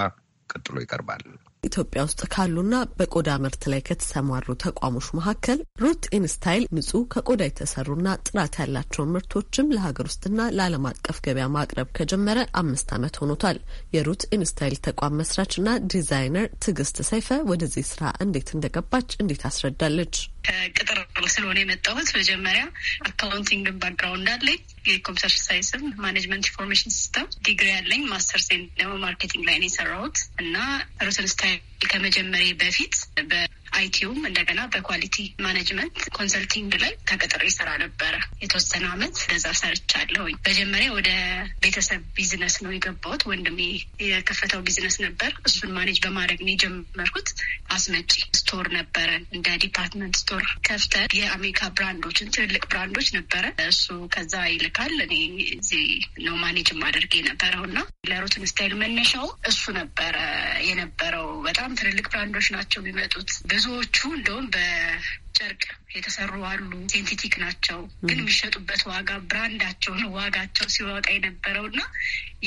ቀጥሎ ይቀርባል። ኢትዮጵያ ውስጥ ካሉና በቆዳ ምርት ላይ ከተሰማሩ ተቋሞች መካከል ሩት ኢንስታይል ንጹህ ከቆዳ የተሰሩና ጥራት ያላቸውን ምርቶችም ለሀገር ውስጥና ለዓለም አቀፍ ገበያ ማቅረብ ከጀመረ አምስት ዓመት ሆኖታል። የሩት ኢንስታይል ተቋም መስራችና ዲዛይነር ትዕግስት ሰይፈ ወደዚህ ስራ እንዴት እንደገባች እንዴት አስረዳለች። ቅጥር ስለሆነ የመጣሁት መጀመሪያ አካውንቲንግ ባክግራውንድ አለኝ። የኮምፒተር ሳይንስም ማኔጅመንት ኢንፎርሜሽን ሲስተም ዲግሪ አለኝ። ማስተርሴን ደግሞ ማርኬቲንግ ላይ ነው የሰራሁት እና ሩት ኢንስታይል ከመጀመሪያ በፊት አይቲውም እንደገና በኳሊቲ ማኔጅመንት ኮንሰልቲንግ ላይ ተቀጥሬ ስራ ነበረ የተወሰነ አመት ሰርቻ ሰርቻለሁኝ። መጀመሪያ ወደ ቤተሰብ ቢዝነስ ነው የገባሁት። ወንድሜ የከፈተው ቢዝነስ ነበር። እሱን ማኔጅ በማድረግ ነው የጀመርኩት። አስመጪ ስቶር ነበረ፣ እንደ ዲፓርትመንት ስቶር ከፍተ የአሜሪካ ብራንዶችን ትልልቅ ብራንዶች ነበረ እሱ ከዛ ይልካል። እኔ እዚህ ነው ማኔጅ ማደርግ የነበረው እና ለሩትን ስታይል መነሻው እሱ ነበረ የነበረው። በጣም ትልልቅ ብራንዶች ናቸው የሚመጡት ብዙዎቹ እንደውም በጨርቅ የተሰሩ አሉ። ሴንቲቲክ ናቸው፣ ግን የሚሸጡበት ዋጋ ብራንዳቸውን ዋጋቸው ሲወጣ የነበረው እና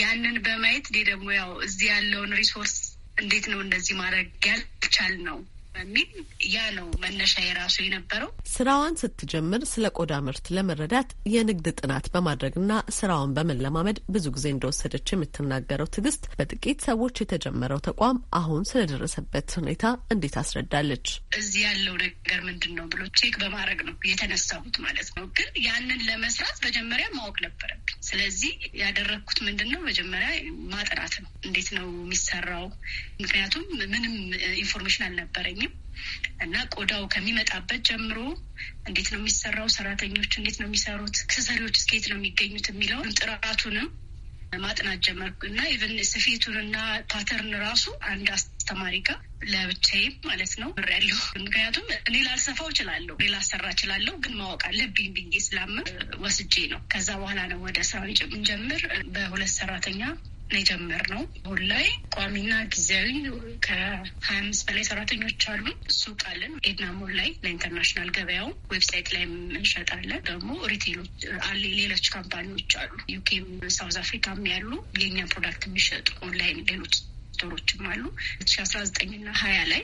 ያንን በማየት ደግሞ ያው እዚህ ያለውን ሪሶርስ እንዴት ነው እንደዚህ ማድረግ ያልቻል ነው በሚል ያ ነው መነሻ የራሱ የነበረው። ስራዋን ስትጀምር ስለ ቆዳ ምርት ለመረዳት የንግድ ጥናት በማድረግና ስራውን በመለማመድ ብዙ ጊዜ እንደወሰደች የምትናገረው ትዕግስት በጥቂት ሰዎች የተጀመረው ተቋም አሁን ስለደረሰበት ሁኔታ እንዴት አስረዳለች። እዚህ ያለው ነገር ምንድን ነው ብሎ ቼክ በማድረግ ነው የተነሳሁት ማለት ነው። ግን ያንን ለመስራት መጀመሪያ ማወቅ ነበረብኝ። ስለዚህ ያደረግኩት ምንድን ነው መጀመሪያ ማጥናት ነው። እንዴት ነው የሚሰራው ምክንያቱም ምንም ኢንፎርሜሽን አልነበረኝም እና ቆዳው ከሚመጣበት ጀምሮ እንዴት ነው የሚሰራው፣ ሰራተኞቹ እንዴት ነው የሚሰሩት፣ ክሰሪዎች እስከየት ነው የሚገኙት የሚለውን ጥራቱንም ማጥናት ጀመርኩ እና ኢቨን ስፌቱን ስፌቱንና ፓተርን ራሱ አንድ አስተማሪ ጋር ለብቻዬ ማለት ነው ምር ያለሁ ምክንያቱም እኔ ላልሰፋው እችላለሁ፣ እኔ ላሰራ እችላለሁ፣ ግን ማወቅ አለብኝ ብዬ ስላመን ወስጄ ነው። ከዛ በኋላ ነው ወደ ስራ እንጀምር በሁለት ሰራተኛ የጀመር ነው። አሁን ላይ ቋሚና ጊዜያዊ ከሀያ አምስት በላይ ሰራተኞች አሉ። ሱቅ አለን። ኤድና ሞል ላይ ለኢንተርናሽናል ገበያው ዌብሳይት ላይ እንሸጣለን። ደግሞ ሪቴሎች አለ፣ ሌሎች ካምፓኒዎች አሉ። ዩኬም ሳውዝ አፍሪካም ያሉ የኛ ፕሮዳክት የሚሸጡ ኦንላይን ሌሎች ኢንቨስተሮችም አሉ። ሺ አስራ ና ሀያ ላይ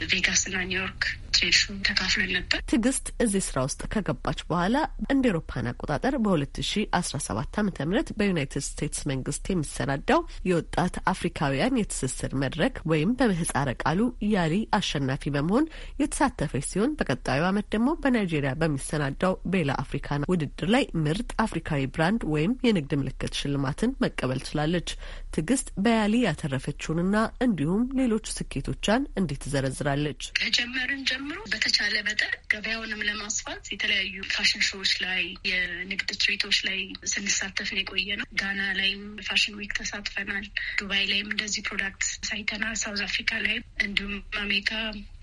ና ኒውዮርክ ትሬድ ተካፍለን ነበር። ትዕግስት እዚህ ስራ ውስጥ ከገባች በኋላ እንደ ኤሮፓን አቆጣጠር በሁለት ሺ አስራ ሰባት አመተ ምህረት በዩናይትድ ስቴትስ መንግስት የሚሰናዳው የወጣት አፍሪካውያን የትስስር መድረክ ወይም በምህፃረ ቃሉ ያሊ አሸናፊ በመሆን የተሳተፈች ሲሆን በቀጣዩ ዓመት ደግሞ በናይጄሪያ በሚሰናዳው ቤላ አፍሪካና ውድድር ላይ ምርጥ አፍሪካዊ ብራንድ ወይም የንግድ ምልክት ሽልማትን መቀበል ችላለች። ትዕግስት በያሌ ያተረፈችውንና እንዲሁም ሌሎች ስኬቶቿን እንዴት ትዘረዝራለች? ከጀመርን ጀምሮ በተቻለ መጠን ገበያውንም ለማስፋት የተለያዩ ፋሽን ሾዎች ላይ፣ የንግድ ትርኢቶች ላይ ነው የቆየ ነው። ጋና ላይም ፋሽን ዊክ ተሳትፈናል። ዱባይ ላይም እንደዚህ ፕሮዳክት ሳይተናል። ሳውዝ አፍሪካ ላይም እንዲሁም አሜሪካ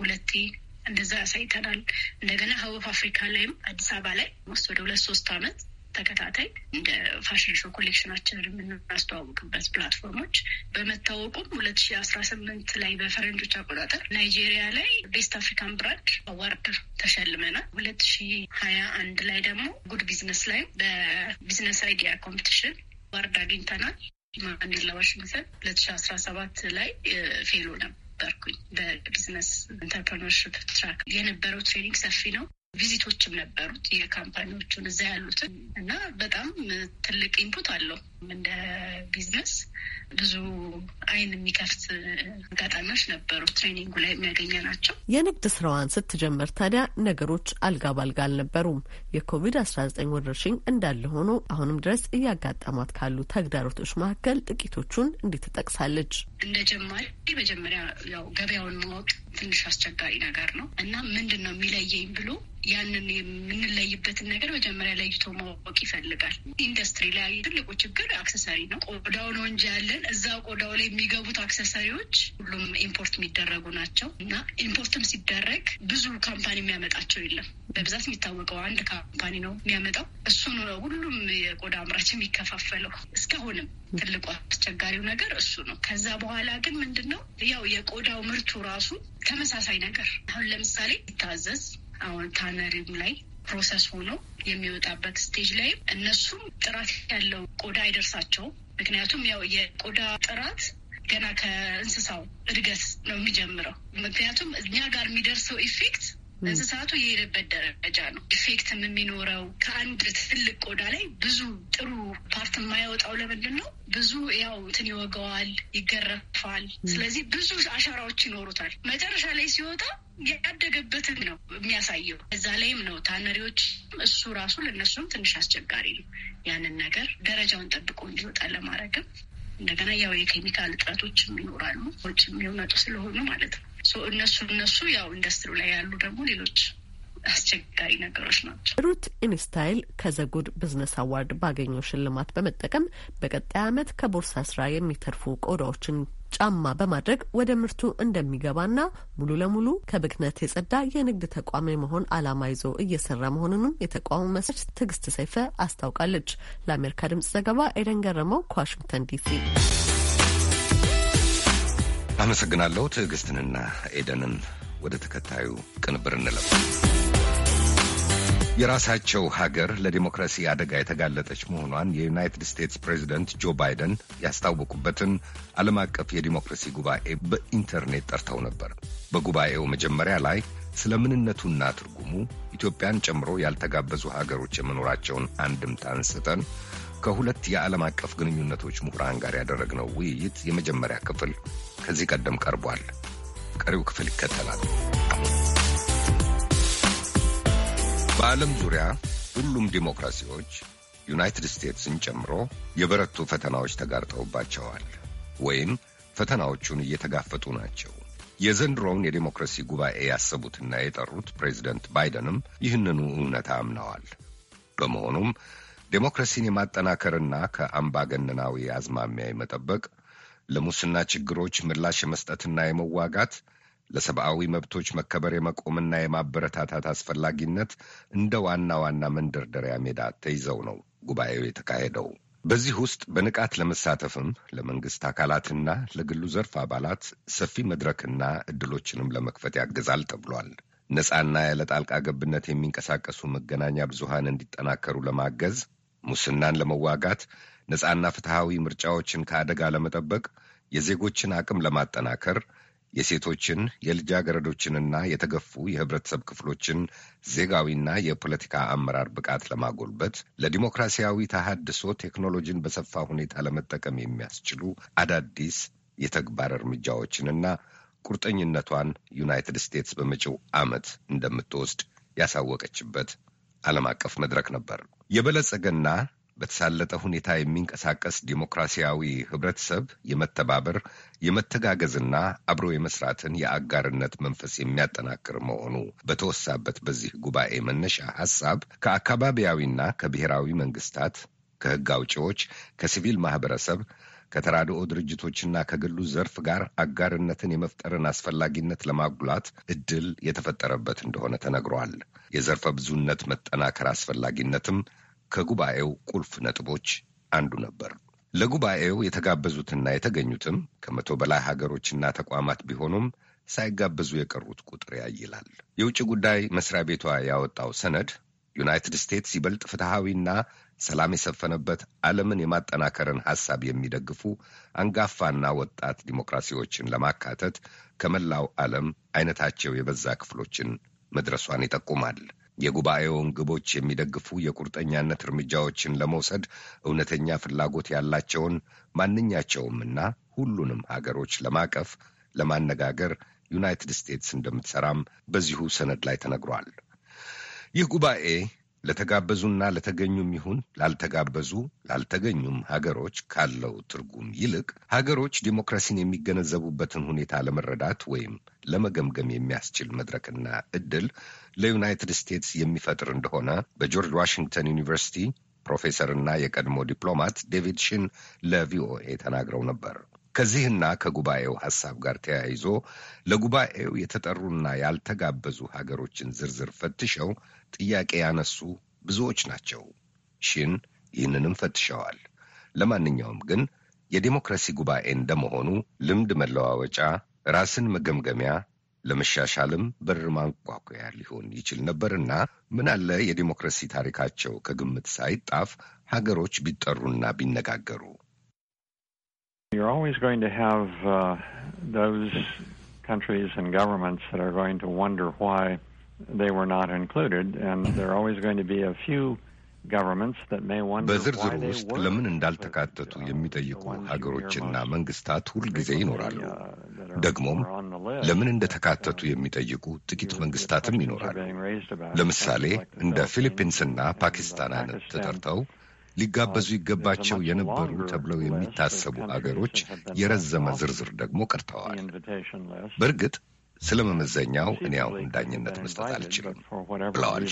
ሁለቴ እንደዛ ያሳይተናል። እንደገና ሀውፍ አፍሪካ ላይም አዲስ አበባ ላይ ወደ ሁለት ሶስት አመት ተከታታይ እንደ ፋሽን ሾ ኮሌክሽናችንን የምናስተዋውቅበት ፕላትፎርሞች በመታወቁም ሁለት ሺ አስራ ስምንት ላይ በፈረንጆች አቆጣጠር ናይጄሪያ ላይ ቤስት አፍሪካን ብራንድ አዋርድ ተሸልመናል። ሁለት ሺ ሀያ አንድ ላይ ደግሞ ጉድ ቢዝነስ ላይ በቢዝነስ አይዲያ ኮምፒቲሽን አዋርድ አግኝተናል። ማንዴላ ዋሽንግተን ሁለት ሺ አስራ ሰባት ላይ ፌሎ ነበርኩኝ በቢዝነስ ኢንተርፕረነርሽፕ ትራክ የነበረው ትሬኒንግ ሰፊ ነው። ቪዚቶችም ነበሩት የካምፓኒዎቹን እዛ ያሉትን እና በጣም ትልቅ ኢንፑት አለው። እንደ ቢዝነስ ብዙ አይን የሚከፍት አጋጣሚዎች ነበሩ ትሬኒንጉ ላይ የሚያገኘ ናቸው። የንግድ ስራዋን ስትጀምር ታዲያ ነገሮች አልጋ ባልጋ አልነበሩም። የኮቪድ አስራ ዘጠኝ ወረርሽኝ እንዳለ ሆኖ አሁንም ድረስ እያጋጠሟት ካሉ ተግዳሮቶች መካከል ጥቂቶቹን እንዲህ ትጠቅሳለች። እንደ ጀማሪ መጀመሪያ ያው ገበያውን ማወቅ ትንሽ አስቸጋሪ ነገር ነው እና ምንድን ነው የሚለየኝ ብሎ ያንን የምንለይበትን ነገር መጀመሪያ ለይቶ ማወቅ ይፈልጋል። ኢንዱስትሪ ላይ ትልቁ ችግር አክሰሰሪ ነው። ቆዳው ነው እንጂ ያለን እዛ ቆዳው ላይ የሚገቡት አክሰሰሪዎች ሁሉም ኢምፖርት የሚደረጉ ናቸው እና ኢምፖርትም ሲደረግ ብዙ ካምፓኒ የሚያመጣቸው የለም። በብዛት የሚታወቀው አንድ ካምፓኒ ነው የሚያመጣው። እሱ ነው ሁሉም የቆዳ አምራች የሚከፋፈለው። እስካሁንም ትልቁ አስቸጋሪው ነገር እሱ ነው። ከዛ በኋላ በኋላ ግን ምንድን ነው ያው የቆዳው ምርቱ ራሱ ተመሳሳይ ነገር አሁን ለምሳሌ ይታዘዝ አሁን ታነሪም ላይ ፕሮሰስ ሆኖ የሚወጣበት ስቴጅ ላይ እነሱም ጥራት ያለው ቆዳ አይደርሳቸው ምክንያቱም ያው የቆዳ ጥራት ገና ከእንስሳው እድገት ነው የሚጀምረው። ምክንያቱም እኛ ጋር የሚደርሰው ኢፌክት እንስሳቱ የሄደበት ደረጃ ነው። ኢፌክትም የሚኖረው ከአንድ ትልቅ ቆዳ ላይ ብዙ ጥሩ ፓርት የማያወጣው ለምንድን ነው? ብዙ ያው እንትን ይወገዋል፣ ይገረፋል። ስለዚህ ብዙ አሻራዎች ይኖሩታል። መጨረሻ ላይ ሲወጣ ያደገበትን ነው የሚያሳየው። እዛ ላይም ነው ታነሪዎች እሱ ራሱ ለእነሱም ትንሽ አስቸጋሪ ነው። ያንን ነገር ደረጃውን ጠብቆ እንዲወጣ ለማድረግም እንደገና ያው የኬሚካል እጥረቶችም ይኖራሉ፣ ውጭ የሚመጡ ስለሆኑ ማለት ነው። እነሱ እነሱ ያው ኢንዱስትሪ ላይ ያሉ ደግሞ ሌሎች አስቸጋሪ ነገሮች ናቸው። ሩት ኢንስታይል ከዘጉድ ብዝነስ አዋርድ ባገኘው ሽልማት በመጠቀም በቀጣይ ዓመት ከቦርሳ ስራ የሚተርፉ ቆዳዎችን ጫማ በማድረግ ወደ ምርቱ እንደሚገባና ሙሉ ለሙሉ ከብክነት የጸዳ የንግድ ተቋም የመሆን ዓላማ ይዞ እየሰራ መሆኑንም የተቋሙ መስራች ትዕግስት ሰይፈ አስታውቃለች። ለአሜሪካ ድምጽ ዘገባ ኤደን ገረመው ከዋሽንግተን ዲሲ አመሰግናለሁ ትዕግስትንና ኤደንን። ወደ ተከታዩ ቅንብር እንለፍ። የራሳቸው ሀገር ለዲሞክራሲ አደጋ የተጋለጠች መሆኗን የዩናይትድ ስቴትስ ፕሬዚደንት ጆ ባይደን ያስታወቁበትን ዓለም አቀፍ የዲሞክራሲ ጉባኤ በኢንተርኔት ጠርተው ነበር። በጉባኤው መጀመሪያ ላይ ስለ ምንነቱና ትርጉሙ ኢትዮጵያን ጨምሮ ያልተጋበዙ ሀገሮች የመኖራቸውን አንድምታ አንስተን ከሁለት የዓለም አቀፍ ግንኙነቶች ምሁራን ጋር ያደረግነው ውይይት የመጀመሪያ ክፍል ከዚህ ቀደም ቀርቧል። ቀሪው ክፍል ይከተላል። በዓለም ዙሪያ ሁሉም ዲሞክራሲዎች ዩናይትድ ስቴትስን ጨምሮ የበረቱ ፈተናዎች ተጋርጠውባቸዋል ወይም ፈተናዎቹን እየተጋፈጡ ናቸው። የዘንድሮውን የዴሞክራሲ ጉባኤ ያሰቡትና የጠሩት ፕሬዚደንት ባይደንም ይህንኑ እውነታ አምነዋል። በመሆኑም ዴሞክራሲን የማጠናከርና ከአምባገነናዊ አዝማሚያ የመጠበቅ ለሙስና ችግሮች ምላሽ የመስጠትና የመዋጋት ለሰብአዊ መብቶች መከበር የመቆምና የማበረታታት አስፈላጊነት እንደ ዋና ዋና መንደርደሪያ ሜዳ ተይዘው ነው ጉባኤው የተካሄደው። በዚህ ውስጥ በንቃት ለመሳተፍም ለመንግስት አካላትና ለግሉ ዘርፍ አባላት ሰፊ መድረክና እድሎችንም ለመክፈት ያግዛል ተብሏል። ነፃና ያለ ጣልቃ ገብነት የሚንቀሳቀሱ መገናኛ ብዙሃን እንዲጠናከሩ ለማገዝ ሙስናን ለመዋጋት ነፃና ፍትሐዊ ምርጫዎችን ከአደጋ ለመጠበቅ የዜጎችን አቅም ለማጠናከር የሴቶችን የልጃገረዶችንና የተገፉ የህብረተሰብ ክፍሎችን ዜጋዊና የፖለቲካ አመራር ብቃት ለማጎልበት ለዲሞክራሲያዊ ተሃድሶ ቴክኖሎጂን በሰፋ ሁኔታ ለመጠቀም የሚያስችሉ አዳዲስ የተግባር እርምጃዎችንና ቁርጠኝነቷን ዩናይትድ ስቴትስ በመጪው ዓመት እንደምትወስድ ያሳወቀችበት ዓለም አቀፍ መድረክ ነበር። የበለጸገና በተሳለጠ ሁኔታ የሚንቀሳቀስ ዲሞክራሲያዊ ህብረተሰብ የመተባበር የመተጋገዝና አብሮ የመስራትን የአጋርነት መንፈስ የሚያጠናክር መሆኑ በተወሳበት በዚህ ጉባኤ መነሻ ሐሳብ ከአካባቢያዊና ከብሔራዊ መንግስታት፣ ከህግ አውጪዎች፣ ከሲቪል ማህበረሰብ ከተራድኦ ድርጅቶችና ከግሉ ዘርፍ ጋር አጋርነትን የመፍጠርን አስፈላጊነት ለማጉላት እድል የተፈጠረበት እንደሆነ ተነግሯል። የዘርፈ ብዙነት መጠናከር አስፈላጊነትም ከጉባኤው ቁልፍ ነጥቦች አንዱ ነበር። ለጉባኤው የተጋበዙትና የተገኙትም ከመቶ በላይ ሀገሮችና ተቋማት ቢሆኑም ሳይጋበዙ የቀሩት ቁጥር ያይላል። የውጭ ጉዳይ መስሪያ ቤቷ ያወጣው ሰነድ ዩናይትድ ስቴትስ ይበልጥ ፍትሐዊና ሰላም የሰፈነበት ዓለምን የማጠናከርን ሐሳብ የሚደግፉ አንጋፋና ወጣት ዲሞክራሲዎችን ለማካተት ከመላው ዓለም አይነታቸው የበዛ ክፍሎችን መድረሷን ይጠቁማል። የጉባኤውን ግቦች የሚደግፉ የቁርጠኛነት እርምጃዎችን ለመውሰድ እውነተኛ ፍላጎት ያላቸውን ማንኛቸውምና ሁሉንም ሀገሮች ለማቀፍ ለማነጋገር ዩናይትድ ስቴትስ እንደምትሰራም በዚሁ ሰነድ ላይ ተነግሯል። ይህ ጉባኤ ለተጋበዙና ለተገኙም ይሁን ላልተጋበዙ ላልተገኙም ሀገሮች ካለው ትርጉም ይልቅ ሀገሮች ዲሞክራሲን የሚገነዘቡበትን ሁኔታ ለመረዳት ወይም ለመገምገም የሚያስችል መድረክና እድል ለዩናይትድ ስቴትስ የሚፈጥር እንደሆነ በጆርጅ ዋሽንግተን ዩኒቨርሲቲ ፕሮፌሰርና የቀድሞ ዲፕሎማት ዴቪድ ሽን ለቪኦኤ ተናግረው ነበር። ከዚህና ከጉባኤው ሐሳብ ጋር ተያይዞ ለጉባኤው የተጠሩና ያልተጋበዙ ሀገሮችን ዝርዝር ፈትሸው ጥያቄ ያነሱ ብዙዎች ናቸው። ሽን ይህንንም ፈትሸዋል። ለማንኛውም ግን የዴሞክራሲ ጉባኤ እንደመሆኑ ልምድ መለዋወጫ፣ ራስን መገምገሚያ፣ ለመሻሻልም በር ማንኳኳያ ሊሆን ይችል ነበርና ምን አለ የዴሞክራሲ ታሪካቸው ከግምት ሳይጣፍ ሀገሮች ቢጠሩና ቢነጋገሩ You're always going to have uh, those countries and governments that are going to wonder why they were not included, and there are always going to be a few በዝርዝሩ ውስጥ ለምን እንዳልተካተቱ የሚጠይቁ ሀገሮችና መንግስታት ሁልጊዜ ይኖራሉ። uh, ደግሞም ለምን እንደተካተቱ የሚጠይቁ ጥቂት መንግስታትም ይኖራሉ። ለምሳሌ እንደ ፊሊፒንስና ፓኪስታን አይነት ተጠርተው ሊጋበዙ ይገባቸው የነበሩ ተብለው የሚታሰቡ ሀገሮች የረዘመ ዝርዝር ደግሞ ቀርተዋል። በእርግጥ ስለ መመዘኛው እኔ አሁን ዳኝነት መስጠት አልችልም ብለዋል።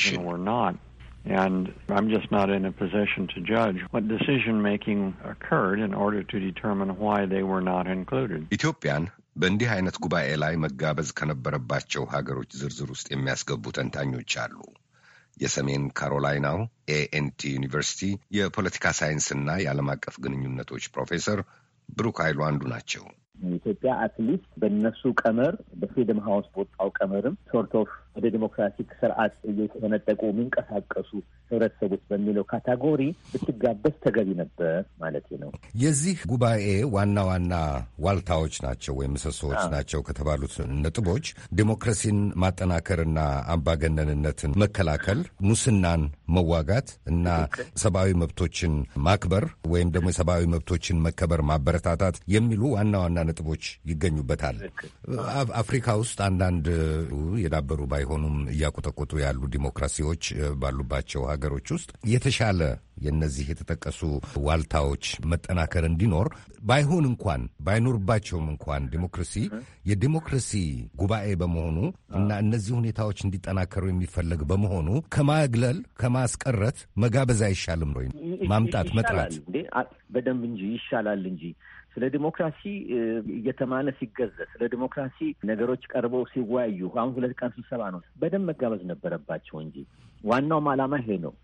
And I'm just not in a position to judge what decision making occurred in order to determine why they were not included. ኢትዮጵያን በእንዲህ አይነት ጉባኤ ላይ መጋበዝ ከነበረባቸው ሀገሮች ዝርዝር ውስጥ የሚያስገቡ ተንታኞች አሉ። የሰሜን ካሮላይናው ኤኤንቲ ዩኒቨርሲቲ የፖለቲካ ሳይንስና የዓለም አቀፍ ግንኙነቶች ፕሮፌሰር ብሩክ ኃይሉ አንዱ ናቸው። ኢትዮጵያ አትሊስት በነሱ ቀመር በፍሪደም ሀውስ በወጣው ቀመርም ሶርት ኦፍ ወደ ዲሞክራቲክ ስርዓት እየተነጠቁ የሚንቀሳቀሱ ህብረተሰቦች በሚለው ካታጎሪ ብትጋበዝ ተገቢ ነበር ማለት ነው። የዚህ ጉባኤ ዋና ዋና ዋልታዎች ናቸው ወይም ምሰሶዎች ናቸው ከተባሉት ነጥቦች ዲሞክራሲን ማጠናከርና አምባገነንነትን መከላከል፣ ሙስናን መዋጋት እና ሰብአዊ መብቶችን ማክበር ወይም ደግሞ የሰብአዊ መብቶችን መከበር ማበረታታት የሚሉ ዋና ዋና ነጥቦች ይገኙበታል። አፍሪካ ውስጥ አንዳንድ የዳበሩ ባ ባይሆኑም እያቆጠቆጡ ያሉ ዲሞክራሲዎች ባሉባቸው ሀገሮች ውስጥ የተሻለ የእነዚህ የተጠቀሱ ዋልታዎች መጠናከር እንዲኖር ባይሆን እንኳን ባይኖርባቸውም እንኳን ዲሞክራሲ የዲሞክራሲ ጉባኤ በመሆኑ እና እነዚህ ሁኔታዎች እንዲጠናከሩ የሚፈለግ በመሆኑ ከማግለል ከማስቀረት መጋበዝ አይሻልም? ማምጣት መጥራት በደንብ እንጂ ይሻላል እንጂ ስለ ዲሞክራሲ እየተማነ ሲገዘ ስለ ዲሞክራሲ ነገሮች ቀርበው ሲወያዩ አሁን ሁለት ቀን ስብሰባ ነው። በደንብ መጋበዝ ነበረባቸው እንጂ ዋናውም ዓላማ ይሄ ነው።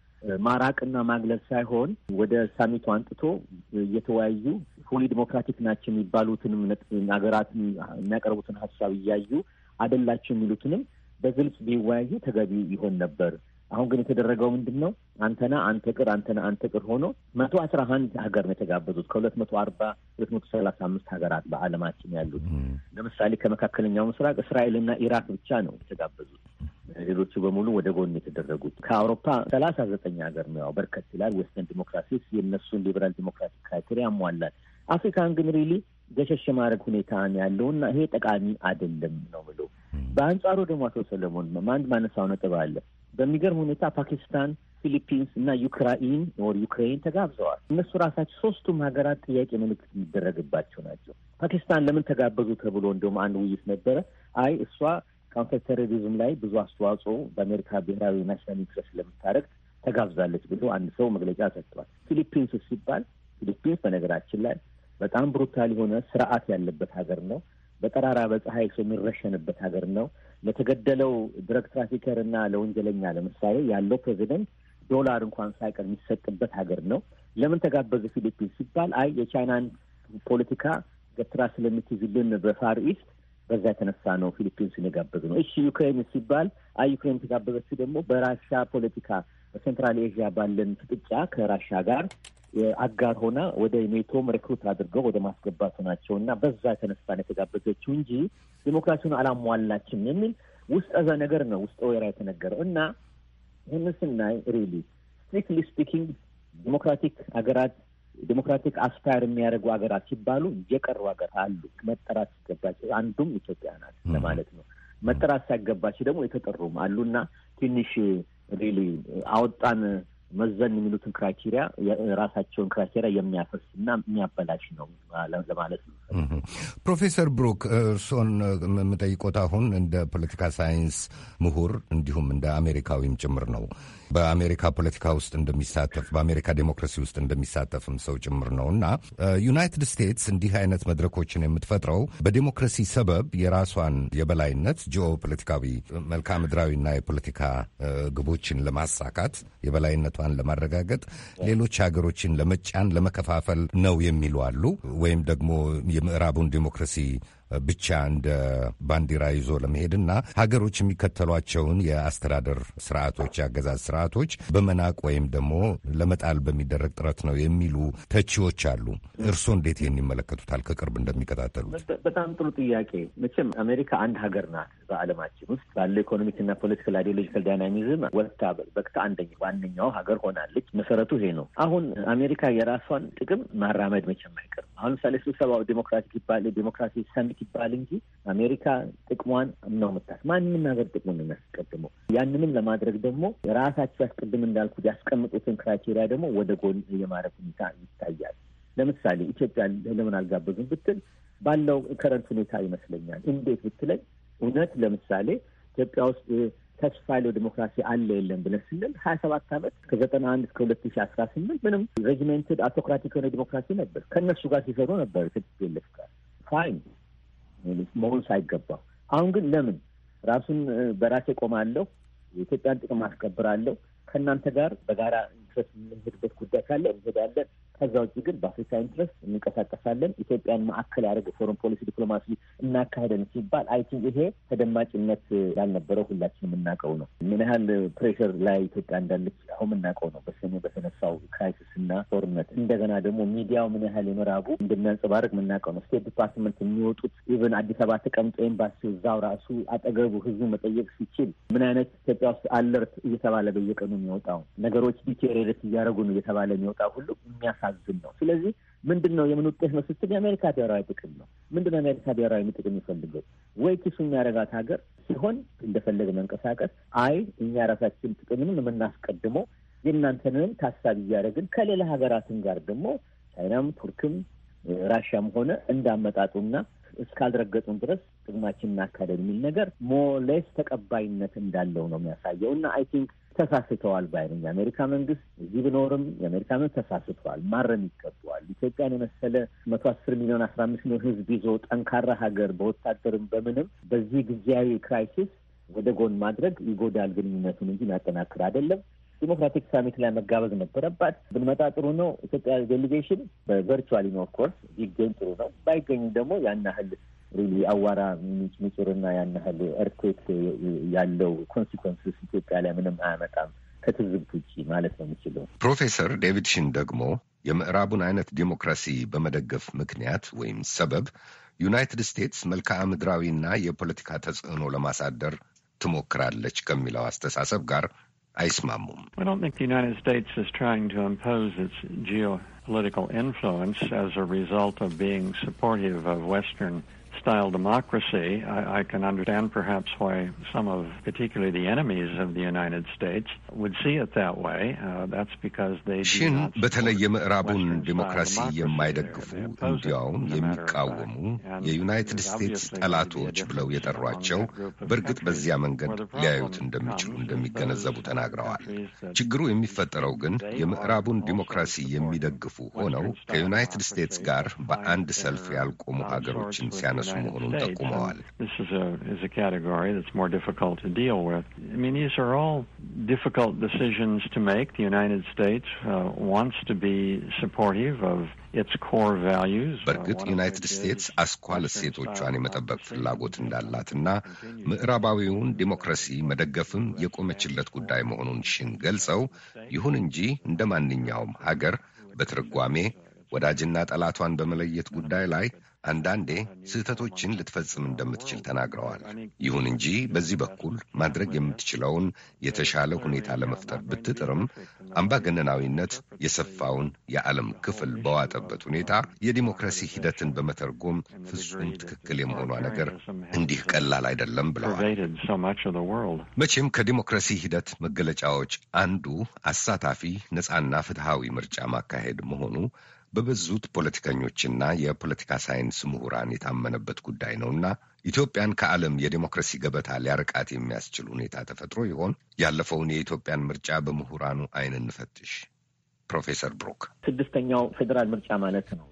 ማራቅና ማግለል ሳይሆን ወደ ሳሚቱ አንጥቶ እየተወያዩ ፉሊ ዲሞክራቲክ ናቸው የሚባሉትንም ሀገራት የሚያቀርቡትን ሀሳብ እያዩ አደላቸው የሚሉትንም በግልጽ ቢወያዩ ተገቢ ይሆን ነበር። አሁን ግን የተደረገው ምንድን ነው? አንተና አንተ ቅር አንተና አንተ ቅር ሆኖ መቶ አስራ አንድ ሀገር ነው የተጋበዙት ከሁለት መቶ አርባ ሁለት መቶ ሰላሳ አምስት ሀገራት በዓለማችን ያሉት። ለምሳሌ ከመካከለኛው ምስራቅ እስራኤልና ኢራክ ብቻ ነው የተጋበዙት። ሌሎቹ በሙሉ ወደ ጎን የተደረጉት። ከአውሮፓ ሰላሳ ዘጠኝ ሀገር ነው ያው በርከት ይላል። ዌስተርን ዲሞክራሲስ የእነሱን ሊበራል ዲሞክራሲ ክራይቴሪያ ያሟላል። አፍሪካን ግን ሪሊ ገሸሽ ማድረግ ሁኔታ ያለውና ይሄ ጠቃሚ አይደለም ነው ብሎ በአንጻሩ ደግሞ አቶ ሰለሞን አንድ ማነሳው ነጥብ አለ በሚገርም ሁኔታ ፓኪስታን፣ ፊሊፒንስ እና ዩክራይን ወር ዩክሬን ተጋብዘዋል። እነሱ ራሳቸው ሶስቱም ሀገራት ጥያቄ ምልክት የሚደረግባቸው ናቸው። ፓኪስታን ለምን ተጋበዙ ተብሎ እንደውም አንድ ውይይት ነበረ። አይ እሷ ካውንተር ቴሮሪዝም ላይ ብዙ አስተዋጽኦ በአሜሪካ ብሔራዊ ናሽናል ኢንትረስት ስለምታደርግ ተጋብዛለች ብሎ አንድ ሰው መግለጫ ሰጥቷል። ፊሊፒንስ ሲባል ፊሊፒንስ በነገራችን ላይ በጣም ብሩታል የሆነ ስርዓት ያለበት ሀገር ነው። በጠራራ በፀሐይ ሰው የሚረሸንበት ሀገር ነው። ለተገደለው ድረግ ትራፊከር እና ለወንጀለኛ ለምሳሌ ያለው ፕሬዚደንት ዶላር እንኳን ሳይቀር የሚሰጥበት ሀገር ነው። ለምን ተጋበዘ ፊሊፒንስ ሲባል አይ የቻይናን ፖለቲካ ገትራ ስለምትይዝልን በፋር ኢስት በዛ የተነሳ ነው ፊሊፒንስን የጋበዝ ነው። እሺ ዩክሬን ሲባል አይ ዩክሬን የተጋበዘችው ደግሞ በራሻ ፖለቲካ በሴንትራል ኤዥያ ባለን ፍጥጫ ከራሻ ጋር አጋር ሆና ወደ ኔቶም ሪክሩት አድርገው ወደ ማስገባቱ ናቸው እና በዛ የተነሳ ነው የተጋበዘችው እንጂ ዲሞክራሲውን አላሟላችም የሚል ውስጥ እዛ ነገር ነው ውስጥ ወራ የተነገረው እና ይህን ስናይ ሪሊ ስትሪክትሊ ስፒኪንግ ዲሞክራቲክ ሀገራት ዲሞክራቲክ አስፓየር የሚያደርጉ ሀገራት ሲባሉ የቀሩ ሀገር አሉ መጠራት ሲገባቸው አንዱም ኢትዮጵያ ናት ለማለት ነው። መጠራት ሲያገባቸው ደግሞ የተጠሩም አሉና ትንሽ ሪሊ አወጣን መዘን የሚሉትን ክራይቴሪያ ራሳቸውን ክራይቴሪያ የሚያፈርስና የሚያበላሽ ነው ለማለት ነው። ፕሮፌሰር ብሩክ እርስዎን የምጠይቆት አሁን እንደ ፖለቲካ ሳይንስ ምሁር እንዲሁም እንደ አሜሪካዊም ጭምር ነው። በአሜሪካ ፖለቲካ ውስጥ እንደሚሳተፍ በአሜሪካ ዴሞክራሲ ውስጥ እንደሚሳተፍም ሰው ጭምር ነው እና ዩናይትድ ስቴትስ እንዲህ አይነት መድረኮችን የምትፈጥረው በዴሞክራሲ ሰበብ የራሷን የበላይነት ጂኦ ፖለቲካዊ መልክዓ ምድራዊና የፖለቲካ ግቦችን ለማሳካት የበላይነት መብቷን ለማረጋገጥ ሌሎች ሀገሮችን ለመጫን፣ ለመከፋፈል ነው የሚሉ አሉ። ወይም ደግሞ የምዕራቡን ዲሞክራሲ ብቻ እንደ ባንዲራ ይዞ ለመሄድና ሀገሮች የሚከተሏቸውን የአስተዳደር ስርዓቶች፣ የአገዛዝ ስርዓቶች በመናቅ ወይም ደግሞ ለመጣል በሚደረግ ጥረት ነው የሚሉ ተቺዎች አሉ። እርስዎ እንዴት ይህን ይመለከቱታል? ከቅርብ እንደሚከታተሉት። በጣም ጥሩ ጥያቄ። መቼም አሜሪካ አንድ ሀገር ናት። በዓለማችን ውስጥ ባለው ኢኮኖሚክና ፖለቲካል አይዲዮሎጂካል ዳይናሚዝም ወጥታ በቅታ አንደኛ ዋነኛው ሀገር ሆናለች። መሰረቱ ይሄ ነው። አሁን አሜሪካ የራሷን ጥቅም ማራመድ መቼም አይቀርም። አሁን ለምሳሌ ስብሰባው ዴሞክራቲክ ይባል ዴሞክራሲ ሰሚት ደህንነት ይባል እንጂ አሜሪካ ጥቅሟን ነው የምታስ ማንም ሀገር ጥቅሙን የሚያስቀድመው። ያንንም ለማድረግ ደግሞ ራሳቸው ያስቀድም እንዳልኩት ያስቀምጡትን ክራይቴሪያ ደግሞ ወደ ጎን የማረግ ሁኔታ ይታያል። ለምሳሌ ኢትዮጵያ ለምን አልጋበዙም ብትል ባለው ከረንት ሁኔታ ይመስለኛል። እንዴት ብትለኝ እውነት ለምሳሌ ኢትዮጵያ ውስጥ ተስፋ ያለው ዲሞክራሲ አለ የለም ብለን ስንል ሀያ ሰባት ዓመት ከዘጠና አንድ እስከ ሁለት ሺ አስራ ስምንት ምንም ሬጅመንትድ አውቶክራቲክ የሆነ ዲሞክራሲ ነበር። ከእነሱ ጋር ሲሰሩ ነበር ከፒኤልኤፍ ጋር ፋይን መሆን ሳይገባው አሁን ግን ለምን ራሱን በራሴ ቆማለሁ፣ የኢትዮጵያን ጥቅም አስከብራለሁ፣ ከእናንተ ጋር በጋራ ለመክሰስ የምንሄድበት ጉዳይ ካለ እንሄዳለን። ከዛ ውጭ ግን በአፍሪካ ኢንትረስት እንንቀሳቀሳለን። ኢትዮጵያን ማዕከል ያደረገ ፎረን ፖሊሲ ዲፕሎማሲ እናካሄደን ሲባል አይ ቲንክ ይሄ ተደማጭነት ያልነበረው ሁላችን የምናውቀው ነው። ምን ያህል ፕሬሽር ላይ ኢትዮጵያ እንዳለች አሁን የምናውቀው ነው። በሰሜን በተነሳው ክራይሲስ እና ጦርነት እንደገና ደግሞ ሚዲያው ምን ያህል የምዕራቡ እንደሚያንጸባርቅ የምናውቀው ነው። ስቴት ዲፓርትመንት የሚወጡት ኢቨን አዲስ አበባ ተቀምጦ ኤምባሲ እዛው ራሱ አጠገቡ ህዝቡ መጠየቅ ሲችል ምን አይነት ኢትዮጵያ ውስጥ አለርት እየተባለ በየቀኑ የሚወጣው ነገሮች ዲቴሬ ዳይሬክት እያደረጉ ነው እየተባለ የሚወጣ ሁሉ የሚያሳዝን ነው። ስለዚህ ምንድን ነው የምን ውጤት ነው ስትል የአሜሪካ ብሔራዊ ጥቅም ነው። ምንድን ነው የአሜሪካ ብሔራዊ ጥቅም የሚፈልገው? ወይ ኪሱ የሚያደርጋት ሀገር ሲሆን እንደፈለገ መንቀሳቀስ፣ አይ እኛ ራሳችን ጥቅምንም የምናስቀድመው የእናንተንንም ታሳቢ እያደረግን ከሌላ ሀገራትን ጋር ደግሞ ቻይናም፣ ቱርክም፣ ራሽያም ሆነ እንዳመጣጡና እስካልረገጡን ድረስ ጥቅማችን እናካሄድ የሚል ነገር ሞሌስ ተቀባይነት እንዳለው ነው የሚያሳየው እና አይ ቲንክ ተሳስተዋል ባይነኝ። የአሜሪካ መንግስት እዚህ ብኖርም የአሜሪካ መንግስት ተሳስተዋል፣ ማረም ይገባዋል። ኢትዮጵያን የመሰለ መቶ አስር ሚሊዮን አስራ አምስት ሚሊዮን ህዝብ ይዞ ጠንካራ ሀገር በወታደርም በምንም በዚህ ጊዜያዊ ክራይሲስ ወደ ጎን ማድረግ ይጎዳል ግንኙነቱን እንጂ የሚያጠናክር አይደለም። ዲሞክራቲክ ሳሚት ላይ መጋበዝ ነበረባት። ብንመጣ ጥሩ ነው። ኢትዮጵያ ዴሊጌሽን በቨርቹዋሊ ነው ኦፍኮርስ ቢገኝ ጥሩ ነው። ባይገኝም ደግሞ ያን ያህል ሪሊ አዋራ ሚጭርና ያን ያህል ያለው ኮንሲኮንስስ ኢትዮጵያ ላይ ምንም አያመጣም ከትዝብት ውጭ ማለት ነው የምችለው። ፕሮፌሰር ዴቪድ ሽን ደግሞ የምዕራቡን አይነት ዲሞክራሲ በመደገፍ ምክንያት ወይም ሰበብ ዩናይትድ ስቴትስ መልክዓ ምድራዊና የፖለቲካ ተጽዕኖ ለማሳደር ትሞክራለች ከሚለው አስተሳሰብ ጋር አይስማሙም። ዌስተርን style democracy, I, I can understand perhaps why some of, particularly the enemies of the United States, would see it that way. Uh, that's because they ሺን በተለይ የምዕራቡን ዲሞክራሲ የማይደግፉ እንዲያውም የሚቃወሙ የዩናይትድ ስቴትስ ጠላቶች ብለው የጠሯቸው በእርግጥ በዚያ መንገድ ሊያዩት እንደሚችሉ እንደሚገነዘቡ ተናግረዋል። ችግሩ የሚፈጠረው ግን የምዕራቡን ዲሞክራሲ የሚደግፉ ሆነው ከዩናይትድ ስቴትስ ጋር በአንድ ሰልፍ ያልቆሙ uh, ሀገሮችን ሲያነሱ የደረሱ መሆኑን ጠቁመዋል። በእርግጥ ዩናይትድ ስቴትስ አስኳል እሴቶቿን የመጠበቅ ፍላጎት እንዳላትና ምዕራባዊውን ዲሞክራሲ መደገፍም የቆመችለት ጉዳይ መሆኑን ሽን ገልጸው፣ ይሁን እንጂ እንደ ማንኛውም ሀገር በትርጓሜ ወዳጅና ጠላቷን በመለየት ጉዳይ ላይ አንዳንዴ ስህተቶችን ልትፈጽም እንደምትችል ተናግረዋል። ይሁን እንጂ በዚህ በኩል ማድረግ የምትችለውን የተሻለ ሁኔታ ለመፍጠር ብትጥርም አምባገነናዊነት የሰፋውን የዓለም ክፍል በዋጠበት ሁኔታ የዲሞክራሲ ሂደትን በመተርጎም ፍጹም ትክክል የመሆኗ ነገር እንዲህ ቀላል አይደለም ብለዋል። መቼም ከዲሞክራሲ ሂደት መገለጫዎች አንዱ አሳታፊ ነፃና ፍትሃዊ ምርጫ ማካሄድ መሆኑ በበዙት ፖለቲከኞችና የፖለቲካ ሳይንስ ምሁራን የታመነበት ጉዳይ ነውና ኢትዮጵያን ከዓለም የዴሞክራሲ ገበታ ሊያርቃት የሚያስችል ሁኔታ ተፈጥሮ ይሆን? ያለፈውን የኢትዮጵያን ምርጫ በምሁራኑ አይን እንፈትሽ። ፕሮፌሰር ብሩክ ስድስተኛው ፌዴራል ምርጫ ማለት ነው።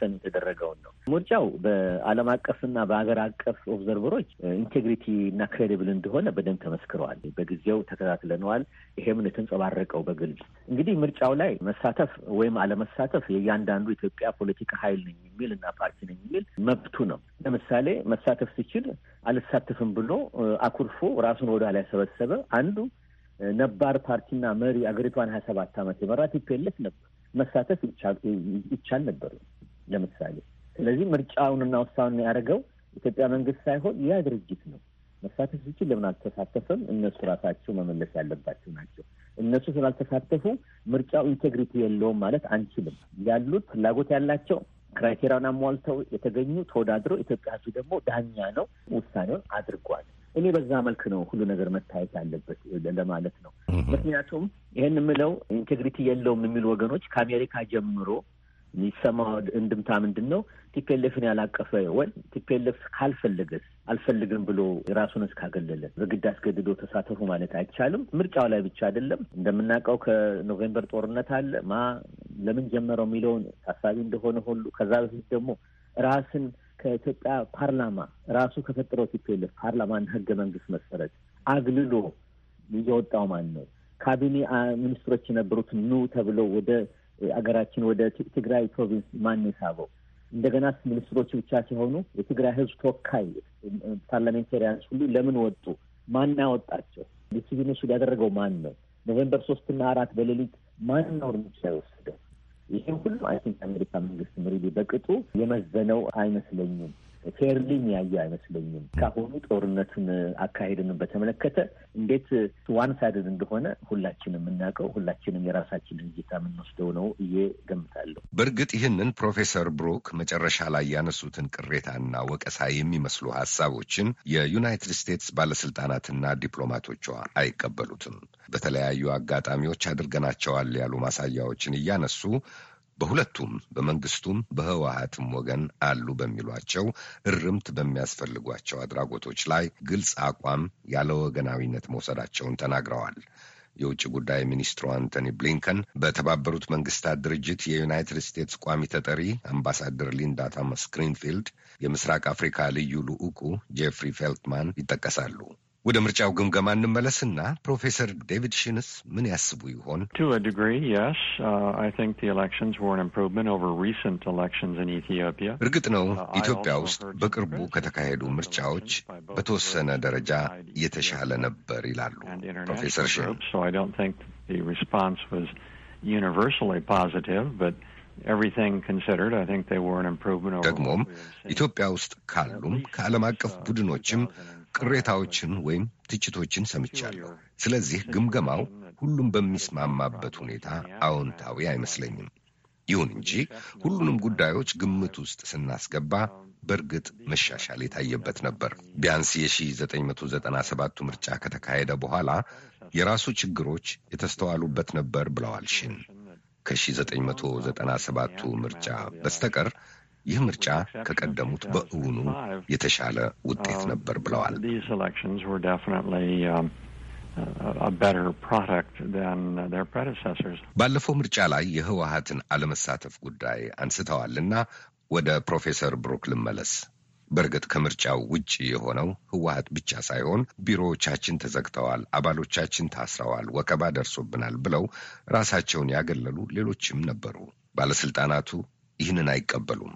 ሰን የተደረገውን ነው። ምርጫው በዓለም አቀፍና በሀገር አቀፍ ኦብዘርቨሮች ኢንቴግሪቲ እና ክሬዲብል እንደሆነ በደንብ ተመስክረዋል። በጊዜው ተከታትለነዋል። ይሄም የተንጸባረቀው በግልጽ እንግዲህ ምርጫው ላይ መሳተፍ ወይም አለመሳተፍ የእያንዳንዱ ኢትዮጵያ ፖለቲካ ኃይል ነኝ የሚል እና ፓርቲ ነኝ የሚል መብቱ ነው። ለምሳሌ መሳተፍ ሲችል አልሳተፍም ብሎ አኩርፎ ራሱን ወደ ላይ ሰበሰበ አንዱ ነባር ፓርቲና መሪ አገሪቷን ሀያ ሰባት ዓመት የመራት ይፔለፍ ነበር። መሳተፍ ይቻል ነበር ለምሳሌ። ስለዚህ ምርጫውንና ውሳኔውን ያደረገው ኢትዮጵያ መንግስት ሳይሆን ያ ድርጅት ነው። መሳተፍ ሲችል ለምን አልተሳተፈም? እነሱ ራሳቸው መመለስ ያለባቸው ናቸው። እነሱ ስላልተሳተፉ ምርጫው ኢንቴግሪቲ የለውም ማለት አንችልም። ያሉት ፍላጎት ያላቸው ክራይቴሪያን አሟልተው የተገኙ ተወዳድረው ኢትዮጵያ ሕዝብ ደግሞ ዳኛ ነው፣ ውሳኔውን አድርጓል። እኔ በዛ መልክ ነው ሁሉ ነገር መታየት ያለበት ለማለት ነው። ምክንያቱም ይህን የምለው ኢንቴግሪቲ የለውም የሚሉ ወገኖች ከአሜሪካ ጀምሮ የሚሰማ እንድምታ ምንድን ነው? ቲፒኤልኤፍን ያላቀፈ ወይ ቲፒኤልኤፍ ካልፈለገስ አልፈልግም ብሎ ራሱን እስካገለለ በግድ አስገድዶ ተሳተፉ ማለት አይቻልም። ምርጫው ላይ ብቻ አይደለም። እንደምናውቀው ከኖቬምበር ጦርነት አለ ማ ለምን ጀመረው የሚለውን ታሳቢ እንደሆነ ሁሉ ከዛ በፊት ደግሞ ራስን ከኢትዮጵያ ፓርላማ ራሱ ከፈጠረው ቲፒኤልኤፍ ፓርላማን ህገ መንግስት መሰረት አግልሎ እየወጣው ማን ነው? ካቢኔ ሚኒስትሮች የነበሩት ኑ ተብለው ወደ አገራችን ወደ ትግራይ ፕሮቪንስ ማን የሳበው? እንደገና ሚኒስትሮች ብቻ ሲሆኑ የትግራይ ህዝብ ተወካይ ፓርላሜንታሪያንስ ሁሉ ለምን ወጡ? ማን ያወጣቸው? ዲሲቪኖሱ ያደረገው ማን ነው? ኖቬምበር ሶስትና አራት በሌሊት ማን ነው እርምጃ የወሰደው? ይህም ሁሉ አይ ቲንክ መንግስት ምሪ በቅጡ የመዘነው አይመስለኝም። ፌርሊን ያየ አይመስለኝም። ከአሁኑ ጦርነትን አካሄድን በተመለከተ እንዴት ዋን ሳይድድ እንደሆነ ሁላችንም የምናውቀው ሁላችንም የራሳችን እይታ የምንወስደው ነው ብዬ ገምታለሁ። በእርግጥ ይህንን ፕሮፌሰር ብሩክ መጨረሻ ላይ ያነሱትን ቅሬታና ወቀሳ የሚመስሉ ሀሳቦችን የዩናይትድ ስቴትስ ባለስልጣናትና ዲፕሎማቶቿ አይቀበሉትም። በተለያዩ አጋጣሚዎች አድርገናቸዋል ያሉ ማሳያዎችን እያነሱ በሁለቱም በመንግስቱም በህወሀትም ወገን አሉ በሚሏቸው እርምት በሚያስፈልጓቸው አድራጎቶች ላይ ግልጽ አቋም ያለ ወገናዊነት መውሰዳቸውን ተናግረዋል። የውጭ ጉዳይ ሚኒስትሩ አንቶኒ ብሊንከን በተባበሩት መንግስታት ድርጅት የዩናይትድ ስቴትስ ቋሚ ተጠሪ አምባሳደር ሊንዳ ታማስ ግሪንፊልድ፣ የምስራቅ አፍሪካ ልዩ ልዑኩ ጄፍሪ ፌልትማን ይጠቀሳሉ። ወደ ምርጫው ግምገማ እንመለስና ፕሮፌሰር ዴቪድ ሽንስ ምን ያስቡ ይሆን? Uh, እርግጥ ነው uh, ኢትዮጵያ ውስጥ በቅርቡ ከተካሄዱ ምርጫዎች በተወሰነ ደረጃ የተሻለ ነበር ይላሉ ፕሮፌሰር ሽንስ። ደግሞም ኢትዮጵያ ውስጥ ካሉም ከዓለም አቀፍ uh, ቡድኖችም ቅሬታዎችን ወይም ትችቶችን ሰምቻለሁ። ስለዚህ ግምገማው ሁሉም በሚስማማበት ሁኔታ አዎንታዊ አይመስለኝም። ይሁን እንጂ ሁሉንም ጉዳዮች ግምት ውስጥ ስናስገባ በእርግጥ መሻሻል የታየበት ነበር። ቢያንስ የ1997ቱ ምርጫ ከተካሄደ በኋላ የራሱ ችግሮች የተስተዋሉበት ነበር ብለዋል ሽን። ከ1997ቱ ምርጫ በስተቀር ይህ ምርጫ ከቀደሙት በእውኑ የተሻለ ውጤት ነበር ብለዋል። um, ባለፈው ምርጫ ላይ የህወሀትን አለመሳተፍ ጉዳይ አንስተዋልና ወደ ፕሮፌሰር ብሩክ ልመለስ። በእርግጥ ከምርጫው ውጭ የሆነው ህወሀት ብቻ ሳይሆን ቢሮዎቻችን ተዘግተዋል፣ አባሎቻችን ታስረዋል፣ ወከባ ደርሶብናል ብለው ራሳቸውን ያገለሉ ሌሎችም ነበሩ። ባለስልጣናቱ ይህንን አይቀበሉም።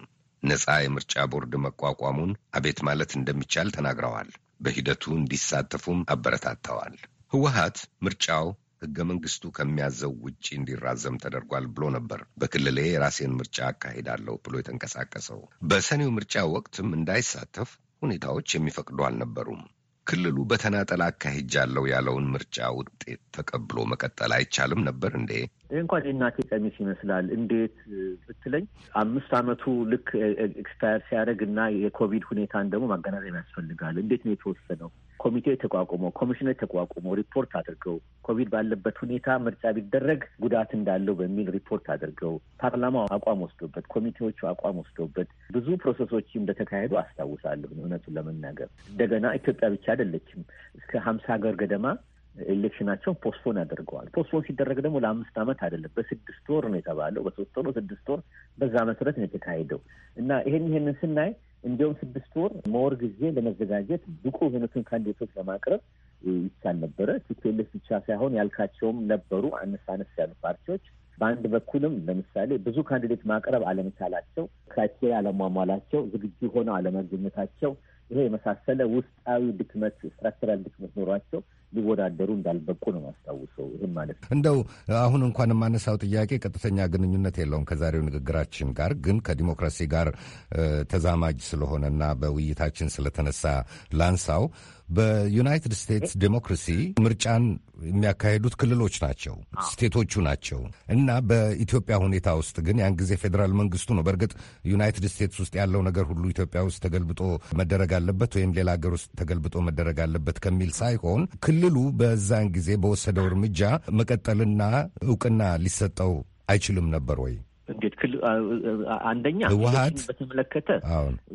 ነፃ የምርጫ ቦርድ መቋቋሙን አቤት ማለት እንደሚቻል ተናግረዋል። በሂደቱ እንዲሳተፉም አበረታተዋል። ህወሀት ምርጫው ህገ መንግስቱ ከሚያዘው ውጪ እንዲራዘም ተደርጓል ብሎ ነበር። በክልሌ የራሴን ምርጫ አካሄዳለሁ ብሎ የተንቀሳቀሰው በሰኔው ምርጫ ወቅትም እንዳይሳተፍ ሁኔታዎች የሚፈቅዱ አልነበሩም። ክልሉ በተናጠል አካሂጃለሁ ያለውን ምርጫ ውጤት ተቀብሎ መቀጠል አይቻልም ነበር እንዴ? ይህ እንኳን የእናቴ ቀሚስ ይመስላል እንዴት ብትለኝ፣ አምስት አመቱ ልክ ኤክስፓየር ሲያደርግ እና የኮቪድ ሁኔታን ደግሞ ማገናዘብ ያስፈልጋል። እንዴት ነው የተወሰነው? ኮሚቴ ተቋቁሞ ኮሚሽነ ተቋቁሞ ሪፖርት አድርገው ኮቪድ ባለበት ሁኔታ ምርጫ ቢደረግ ጉዳት እንዳለው በሚል ሪፖርት አድርገው ፓርላማው አቋም ወስዶበት ኮሚቴዎቹ አቋም ወስዶበት ብዙ ፕሮሰሶች እንደተካሄዱ አስታውሳለሁ። እውነቱን ለመናገር እንደገና ኢትዮጵያ ብቻ አይደለችም። እስከ ሀምሳ ሀገር ገደማ ኤሌክሽናቸውን ፖስፖን ያደርገዋል። ፖስፖን ሲደረግ ደግሞ ለአምስት ዓመት አይደለም በስድስት ወር ነው የተባለው። በሶስት ወር፣ በስድስት ወር በዛ መሰረት ነው የተካሄደው እና ይሄን ይሄንን ስናይ እንዲሁም ስድስት ወር መወር ጊዜ ለመዘጋጀት ብቁ የሆኑትን ካንዲዴቶች ለማቅረብ ይቻል ነበረ። ቲፒኤልኤፍ ብቻ ሳይሆን ያልካቸውም ነበሩ አነስ አነስ ያሉ ፓርቲዎች። በአንድ በኩልም ለምሳሌ ብዙ ካንዲዴት ማቅረብ አለመቻላቸው፣ ክራይቴሪያ አለሟሟላቸው፣ ዝግጁ ሆነው አለመገኘታቸው፣ ይሄ የመሳሰለ ውስጣዊ ድክመት ስትራክቸራል ድክመት ኖሯቸው ሊወዳደሩ እንዳልበቁ ነው ማስታውሰው። ይህም ማለት ነው እንደው አሁን እንኳን የማነሳው ጥያቄ ቀጥተኛ ግንኙነት የለውም ከዛሬው ንግግራችን ጋር ግን ከዲሞክራሲ ጋር ተዛማጅ ስለሆነና በውይይታችን ስለተነሳ ላንሳው በዩናይትድ ስቴትስ ዴሞክራሲ ምርጫን የሚያካሄዱት ክልሎች ናቸው፣ ስቴቶቹ ናቸው እና በኢትዮጵያ ሁኔታ ውስጥ ግን ያን ጊዜ ፌዴራል መንግስቱ ነው። በእርግጥ ዩናይትድ ስቴትስ ውስጥ ያለው ነገር ሁሉ ኢትዮጵያ ውስጥ ተገልብጦ መደረግ አለበት ወይም ሌላ ሀገር ውስጥ ተገልብጦ መደረግ አለበት ከሚል ሳይሆን ክልሉ በዛን ጊዜ በወሰደው እርምጃ መቀጠልና እውቅና ሊሰጠው አይችልም ነበር ወይ? እንዴት ክል አንደኛ ህወሀት በተመለከተ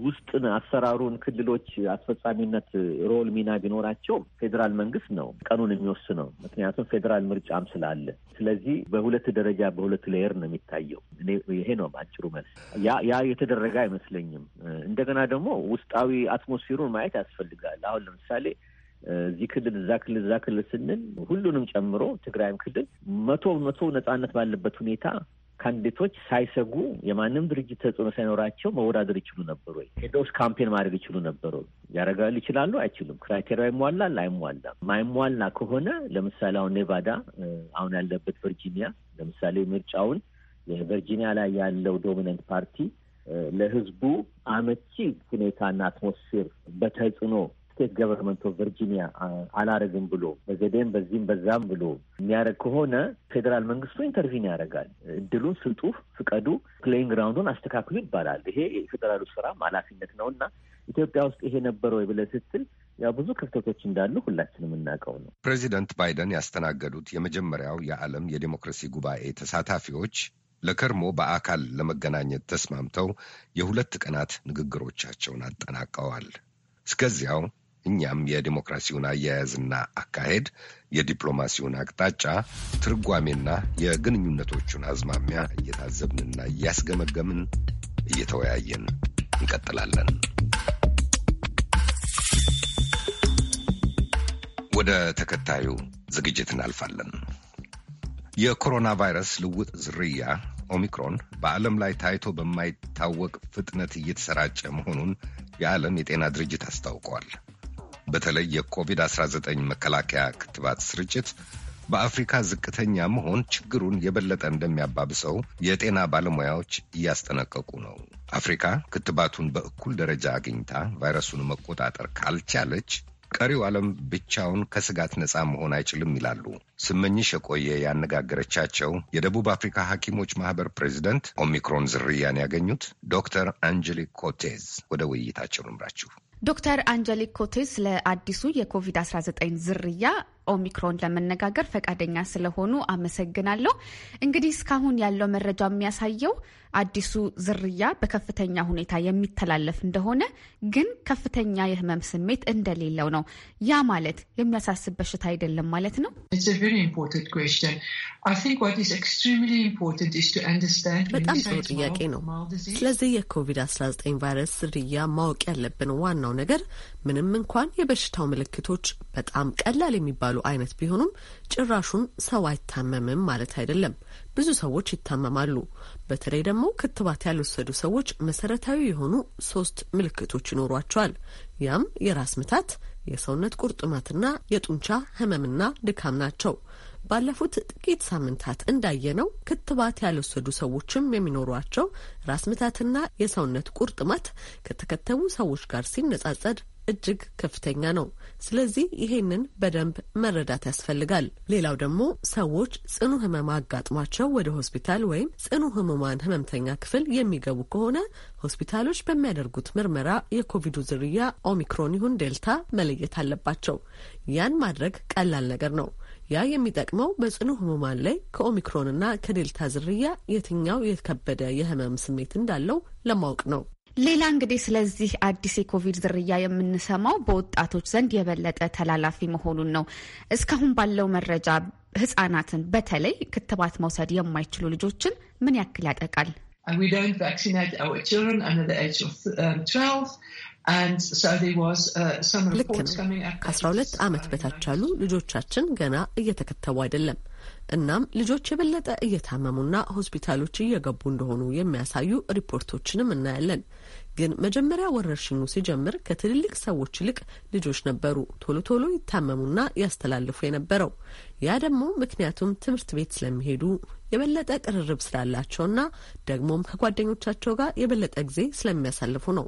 ውስጥ አሰራሩን ክልሎች አስፈጻሚነት ሮል ሚና ቢኖራቸው ፌዴራል መንግስት ነው ቀኑን የሚወስነው። ምክንያቱም ፌዴራል ምርጫም ስላለ፣ ስለዚህ በሁለት ደረጃ በሁለት ሌየር ነው የሚታየው። ይሄ ነው በአጭሩ መልስ። ያ የተደረገ አይመስለኝም። እንደገና ደግሞ ውስጣዊ አትሞስፌሩን ማየት ያስፈልጋል። አሁን ለምሳሌ እዚህ ክልል እዛ ክልል እዛ ክልል ስንል ሁሉንም ጨምሮ ትግራይም ክልል መቶ መቶ ነጻነት ባለበት ሁኔታ ካንዲዴቶች ሳይሰጉ የማንም ድርጅት ተጽዕኖ ሳይኖራቸው መወዳደር ይችሉ ነበር ወይ? ሄደው ካምፔን ማድረግ ይችሉ ነበሩ ወይ? ይችላሉ? አይችሉም? ክራይቴሪያ ይሟላል አይሟላም? ማይሟላ ከሆነ ለምሳሌ አሁን ኔቫዳ፣ አሁን ያለበት ቨርጂኒያ፣ ለምሳሌ ምርጫውን የቨርጂኒያ ላይ ያለው ዶሚነንት ፓርቲ ለህዝቡ አመቺ ሁኔታና አትሞስፌር በተጽዕኖ ስቴት ገቨርንመንት ኦፍ ቨርጂኒያ አላረግም ብሎ በዘዴም በዚህም በዛም ብሎ የሚያደርግ ከሆነ ፌዴራል መንግስቱ ኢንተርቪን ያደርጋል። እድሉን ስጡ፣ ፍቀዱ፣ ፕሌይንግ ግራውንዱን አስተካክሉ ይባላል። ይሄ የፌዴራሉ ስራም ኃላፊነት ነው እና ኢትዮጵያ ውስጥ ይሄ ነበረ ወይ ብለህ ስትል ያው ብዙ ክፍተቶች እንዳሉ ሁላችንም እናውቀው ነው። ፕሬዚደንት ባይደን ያስተናገዱት የመጀመሪያው የዓለም የዴሞክራሲ ጉባኤ ተሳታፊዎች ለከርሞ በአካል ለመገናኘት ተስማምተው የሁለት ቀናት ንግግሮቻቸውን አጠናቀዋል። እስከዚያው እኛም የዲሞክራሲውን አያያዝና አካሄድ፣ የዲፕሎማሲውን አቅጣጫ ትርጓሜና የግንኙነቶቹን አዝማሚያ እየታዘብንና እያስገመገምን እየተወያየን እንቀጥላለን። ወደ ተከታዩ ዝግጅት እናልፋለን። የኮሮና ቫይረስ ልውጥ ዝርያ ኦሚክሮን በዓለም ላይ ታይቶ በማይታወቅ ፍጥነት እየተሰራጨ መሆኑን የዓለም የጤና ድርጅት አስታውቋል። በተለይ የኮቪድ-19 መከላከያ ክትባት ስርጭት በአፍሪካ ዝቅተኛ መሆን ችግሩን የበለጠ እንደሚያባብሰው የጤና ባለሙያዎች እያስጠነቀቁ ነው። አፍሪካ ክትባቱን በእኩል ደረጃ አግኝታ ቫይረሱን መቆጣጠር ካልቻለች ቀሪው ዓለም ብቻውን ከስጋት ነፃ መሆን አይችልም ይላሉ ስመኝሽ የቆየ ያነጋገረቻቸው የደቡብ አፍሪካ ሐኪሞች ማህበር ፕሬዚደንት ኦሚክሮን ዝርያን ያገኙት ዶክተር አንጀሊክ ኮቴዝ ወደ ውይይታቸው ልምራችሁ። ዶክተር አንጀሊክ ኮቴስ ለአዲሱ የኮቪድ-19 ዝርያ ኦሚክሮን ለመነጋገር ፈቃደኛ ስለሆኑ አመሰግናለሁ። እንግዲህ እስካሁን ያለው መረጃ የሚያሳየው አዲሱ ዝርያ በከፍተኛ ሁኔታ የሚተላለፍ እንደሆነ ግን ከፍተኛ የህመም ስሜት እንደሌለው ነው። ያ ማለት የሚያሳስብ በሽታ አይደለም ማለት ነው። በጣም ጥሩ ጥያቄ ነው። ስለዚህ የኮቪድ-19 ቫይረስ ዝርያ ማወቅ ያለብን ዋናው ነገር ምንም እንኳን የበሽታው ምልክቶች በጣም ቀላል የሚባሉ አይነት ቢሆኑም ጭራሹን ሰው አይታመምም ማለት አይደለም። ብዙ ሰዎች ይታመማሉ። በተለይ ደግሞ ክትባት ያልወሰዱ ሰዎች መሰረታዊ የሆኑ ሶስት ምልክቶች ይኖሯቸዋል። ያም የራስ ምታት፣ የሰውነት ቁርጥማትና የጡንቻ ህመምና ድካም ናቸው። ባለፉት ጥቂት ሳምንታት እንዳየነው ክትባት ያልወሰዱ ሰዎችም የሚኖሯቸው ራስ ምታትና የሰውነት ቁርጥማት ከተከተቡ ሰዎች ጋር ሲነጻጸድ እጅግ ከፍተኛ ነው። ስለዚህ ይሄንን በደንብ መረዳት ያስፈልጋል። ሌላው ደግሞ ሰዎች ጽኑ ህመም አጋጥሟቸው ወደ ሆስፒታል ወይም ጽኑ ህሙማን ህመምተኛ ክፍል የሚገቡ ከሆነ ሆስፒታሎች በሚያደርጉት ምርመራ የኮቪዱ ዝርያ ኦሚክሮን ይሁን ዴልታ መለየት አለባቸው። ያን ማድረግ ቀላል ነገር ነው። ያ የሚጠቅመው በጽኑ ህሙማን ላይ ከኦሚክሮንና ከዴልታ ዝርያ የትኛው የከበደ የህመም ስሜት እንዳለው ለማወቅ ነው። ሌላ እንግዲህ ስለዚህ አዲስ የኮቪድ ዝርያ የምንሰማው በወጣቶች ዘንድ የበለጠ ተላላፊ መሆኑን ነው። እስካሁን ባለው መረጃ ህጻናትን በተለይ ክትባት መውሰድ የማይችሉ ልጆችን ምን ያክል ያጠቃል? Um, uh, ልክ ነው። ከ12 ዓመት በታች ያሉ ልጆቻችን ገና እየተከተቡ አይደለም። እናም ልጆች የበለጠ እየታመሙና ሆስፒታሎች እየገቡ እንደሆኑ የሚያሳዩ ሪፖርቶችንም እናያለን። ግን መጀመሪያ ወረርሽኙ ሲጀምር ከትልልቅ ሰዎች ይልቅ ልጆች ነበሩ ቶሎ ቶሎ ይታመሙና ያስተላልፉ የነበረው። ያ ደግሞ ምክንያቱም ትምህርት ቤት ስለሚሄዱ የበለጠ ቅርርብ ስላላቸውና ደግሞም ከጓደኞቻቸው ጋር የበለጠ ጊዜ ስለሚያሳልፉ ነው።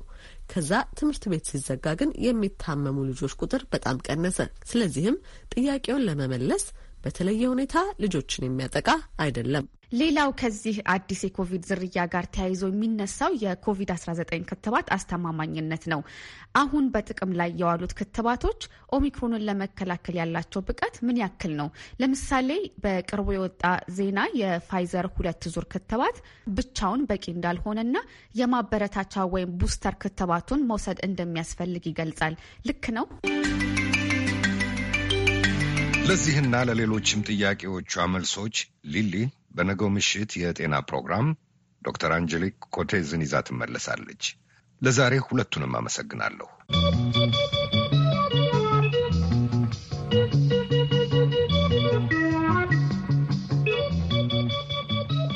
ከዛ ትምህርት ቤት ሲዘጋ ግን የሚታመሙ ልጆች ቁጥር በጣም ቀነሰ። ስለዚህም ጥያቄውን ለመመለስ በተለየ ሁኔታ ልጆችን የሚያጠቃ አይደለም። ሌላው ከዚህ አዲስ የኮቪድ ዝርያ ጋር ተያይዞ የሚነሳው የኮቪድ-19 ክትባት አስተማማኝነት ነው። አሁን በጥቅም ላይ የዋሉት ክትባቶች ኦሚክሮንን ለመከላከል ያላቸው ብቃት ምን ያክል ነው? ለምሳሌ በቅርቡ የወጣ ዜና የፋይዘር ሁለት ዙር ክትባት ብቻውን በቂ እንዳልሆነና የማበረታቻ ወይም ቡስተር ክትባቱን መውሰድ እንደሚያስፈልግ ይገልጻል። ልክ ነው? ለዚህና ለሌሎችም ጥያቄዎቿ መልሶች ሊሊ በነገው ምሽት የጤና ፕሮግራም ዶክተር አንጀሊክ ኮቴዝን ይዛ ትመለሳለች። ለዛሬ ሁለቱንም አመሰግናለሁ።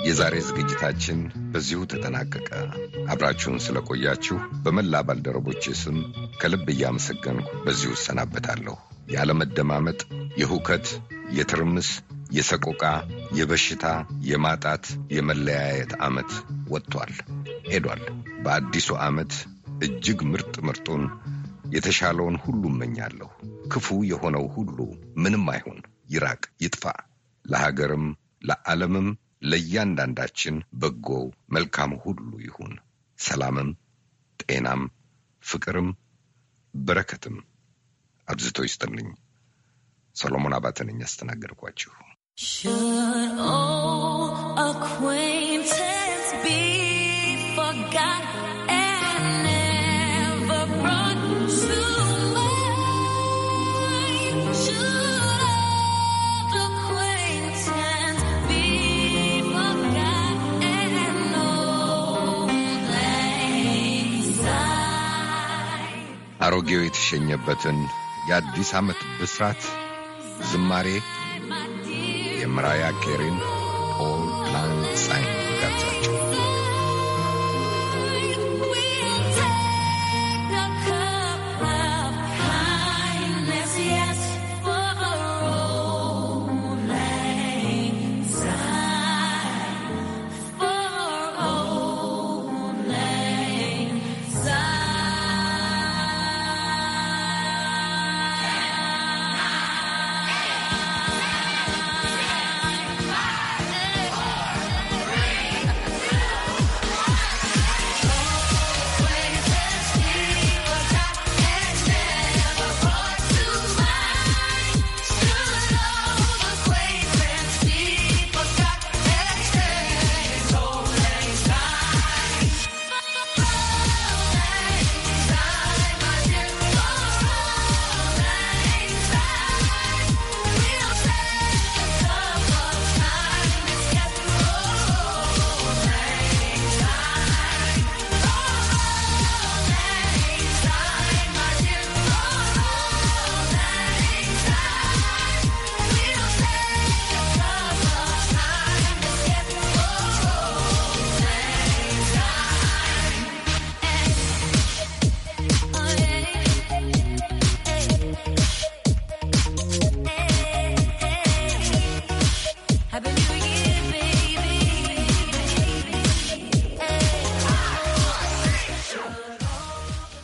የዛሬ ዝግጅታችን በዚሁ ተጠናቀቀ። አብራችሁን ስለቆያችሁ በመላ ባልደረቦቼ ስም ከልብ እያመሰገንኩ በዚሁ እሰናበታለሁ። ያለመደማመጥ፣ የሁከት፣ የትርምስ፣ የሰቆቃ፣ የበሽታ፣ የማጣት፣ የመለያየት ዓመት ወጥቷል፣ ሄዷል። በአዲሱ ዓመት እጅግ ምርጥ ምርጡን የተሻለውን ሁሉ እመኛለሁ። ክፉ የሆነው ሁሉ ምንም አይሁን፣ ይራቅ፣ ይጥፋ። ለሀገርም ለዓለምም ለእያንዳንዳችን በጎው መልካም ሁሉ ይሁን። ሰላምም፣ ጤናም፣ ፍቅርም በረከትም አብዝቶ ይስጥልኝ። ሰሎሞን አባተ ነኝ ያስተናገድኳችሁ። አሮጌው የተሸኘበትን የአዲስ ዓመት ብስራት ዝማሬ የምራያ ኬሪን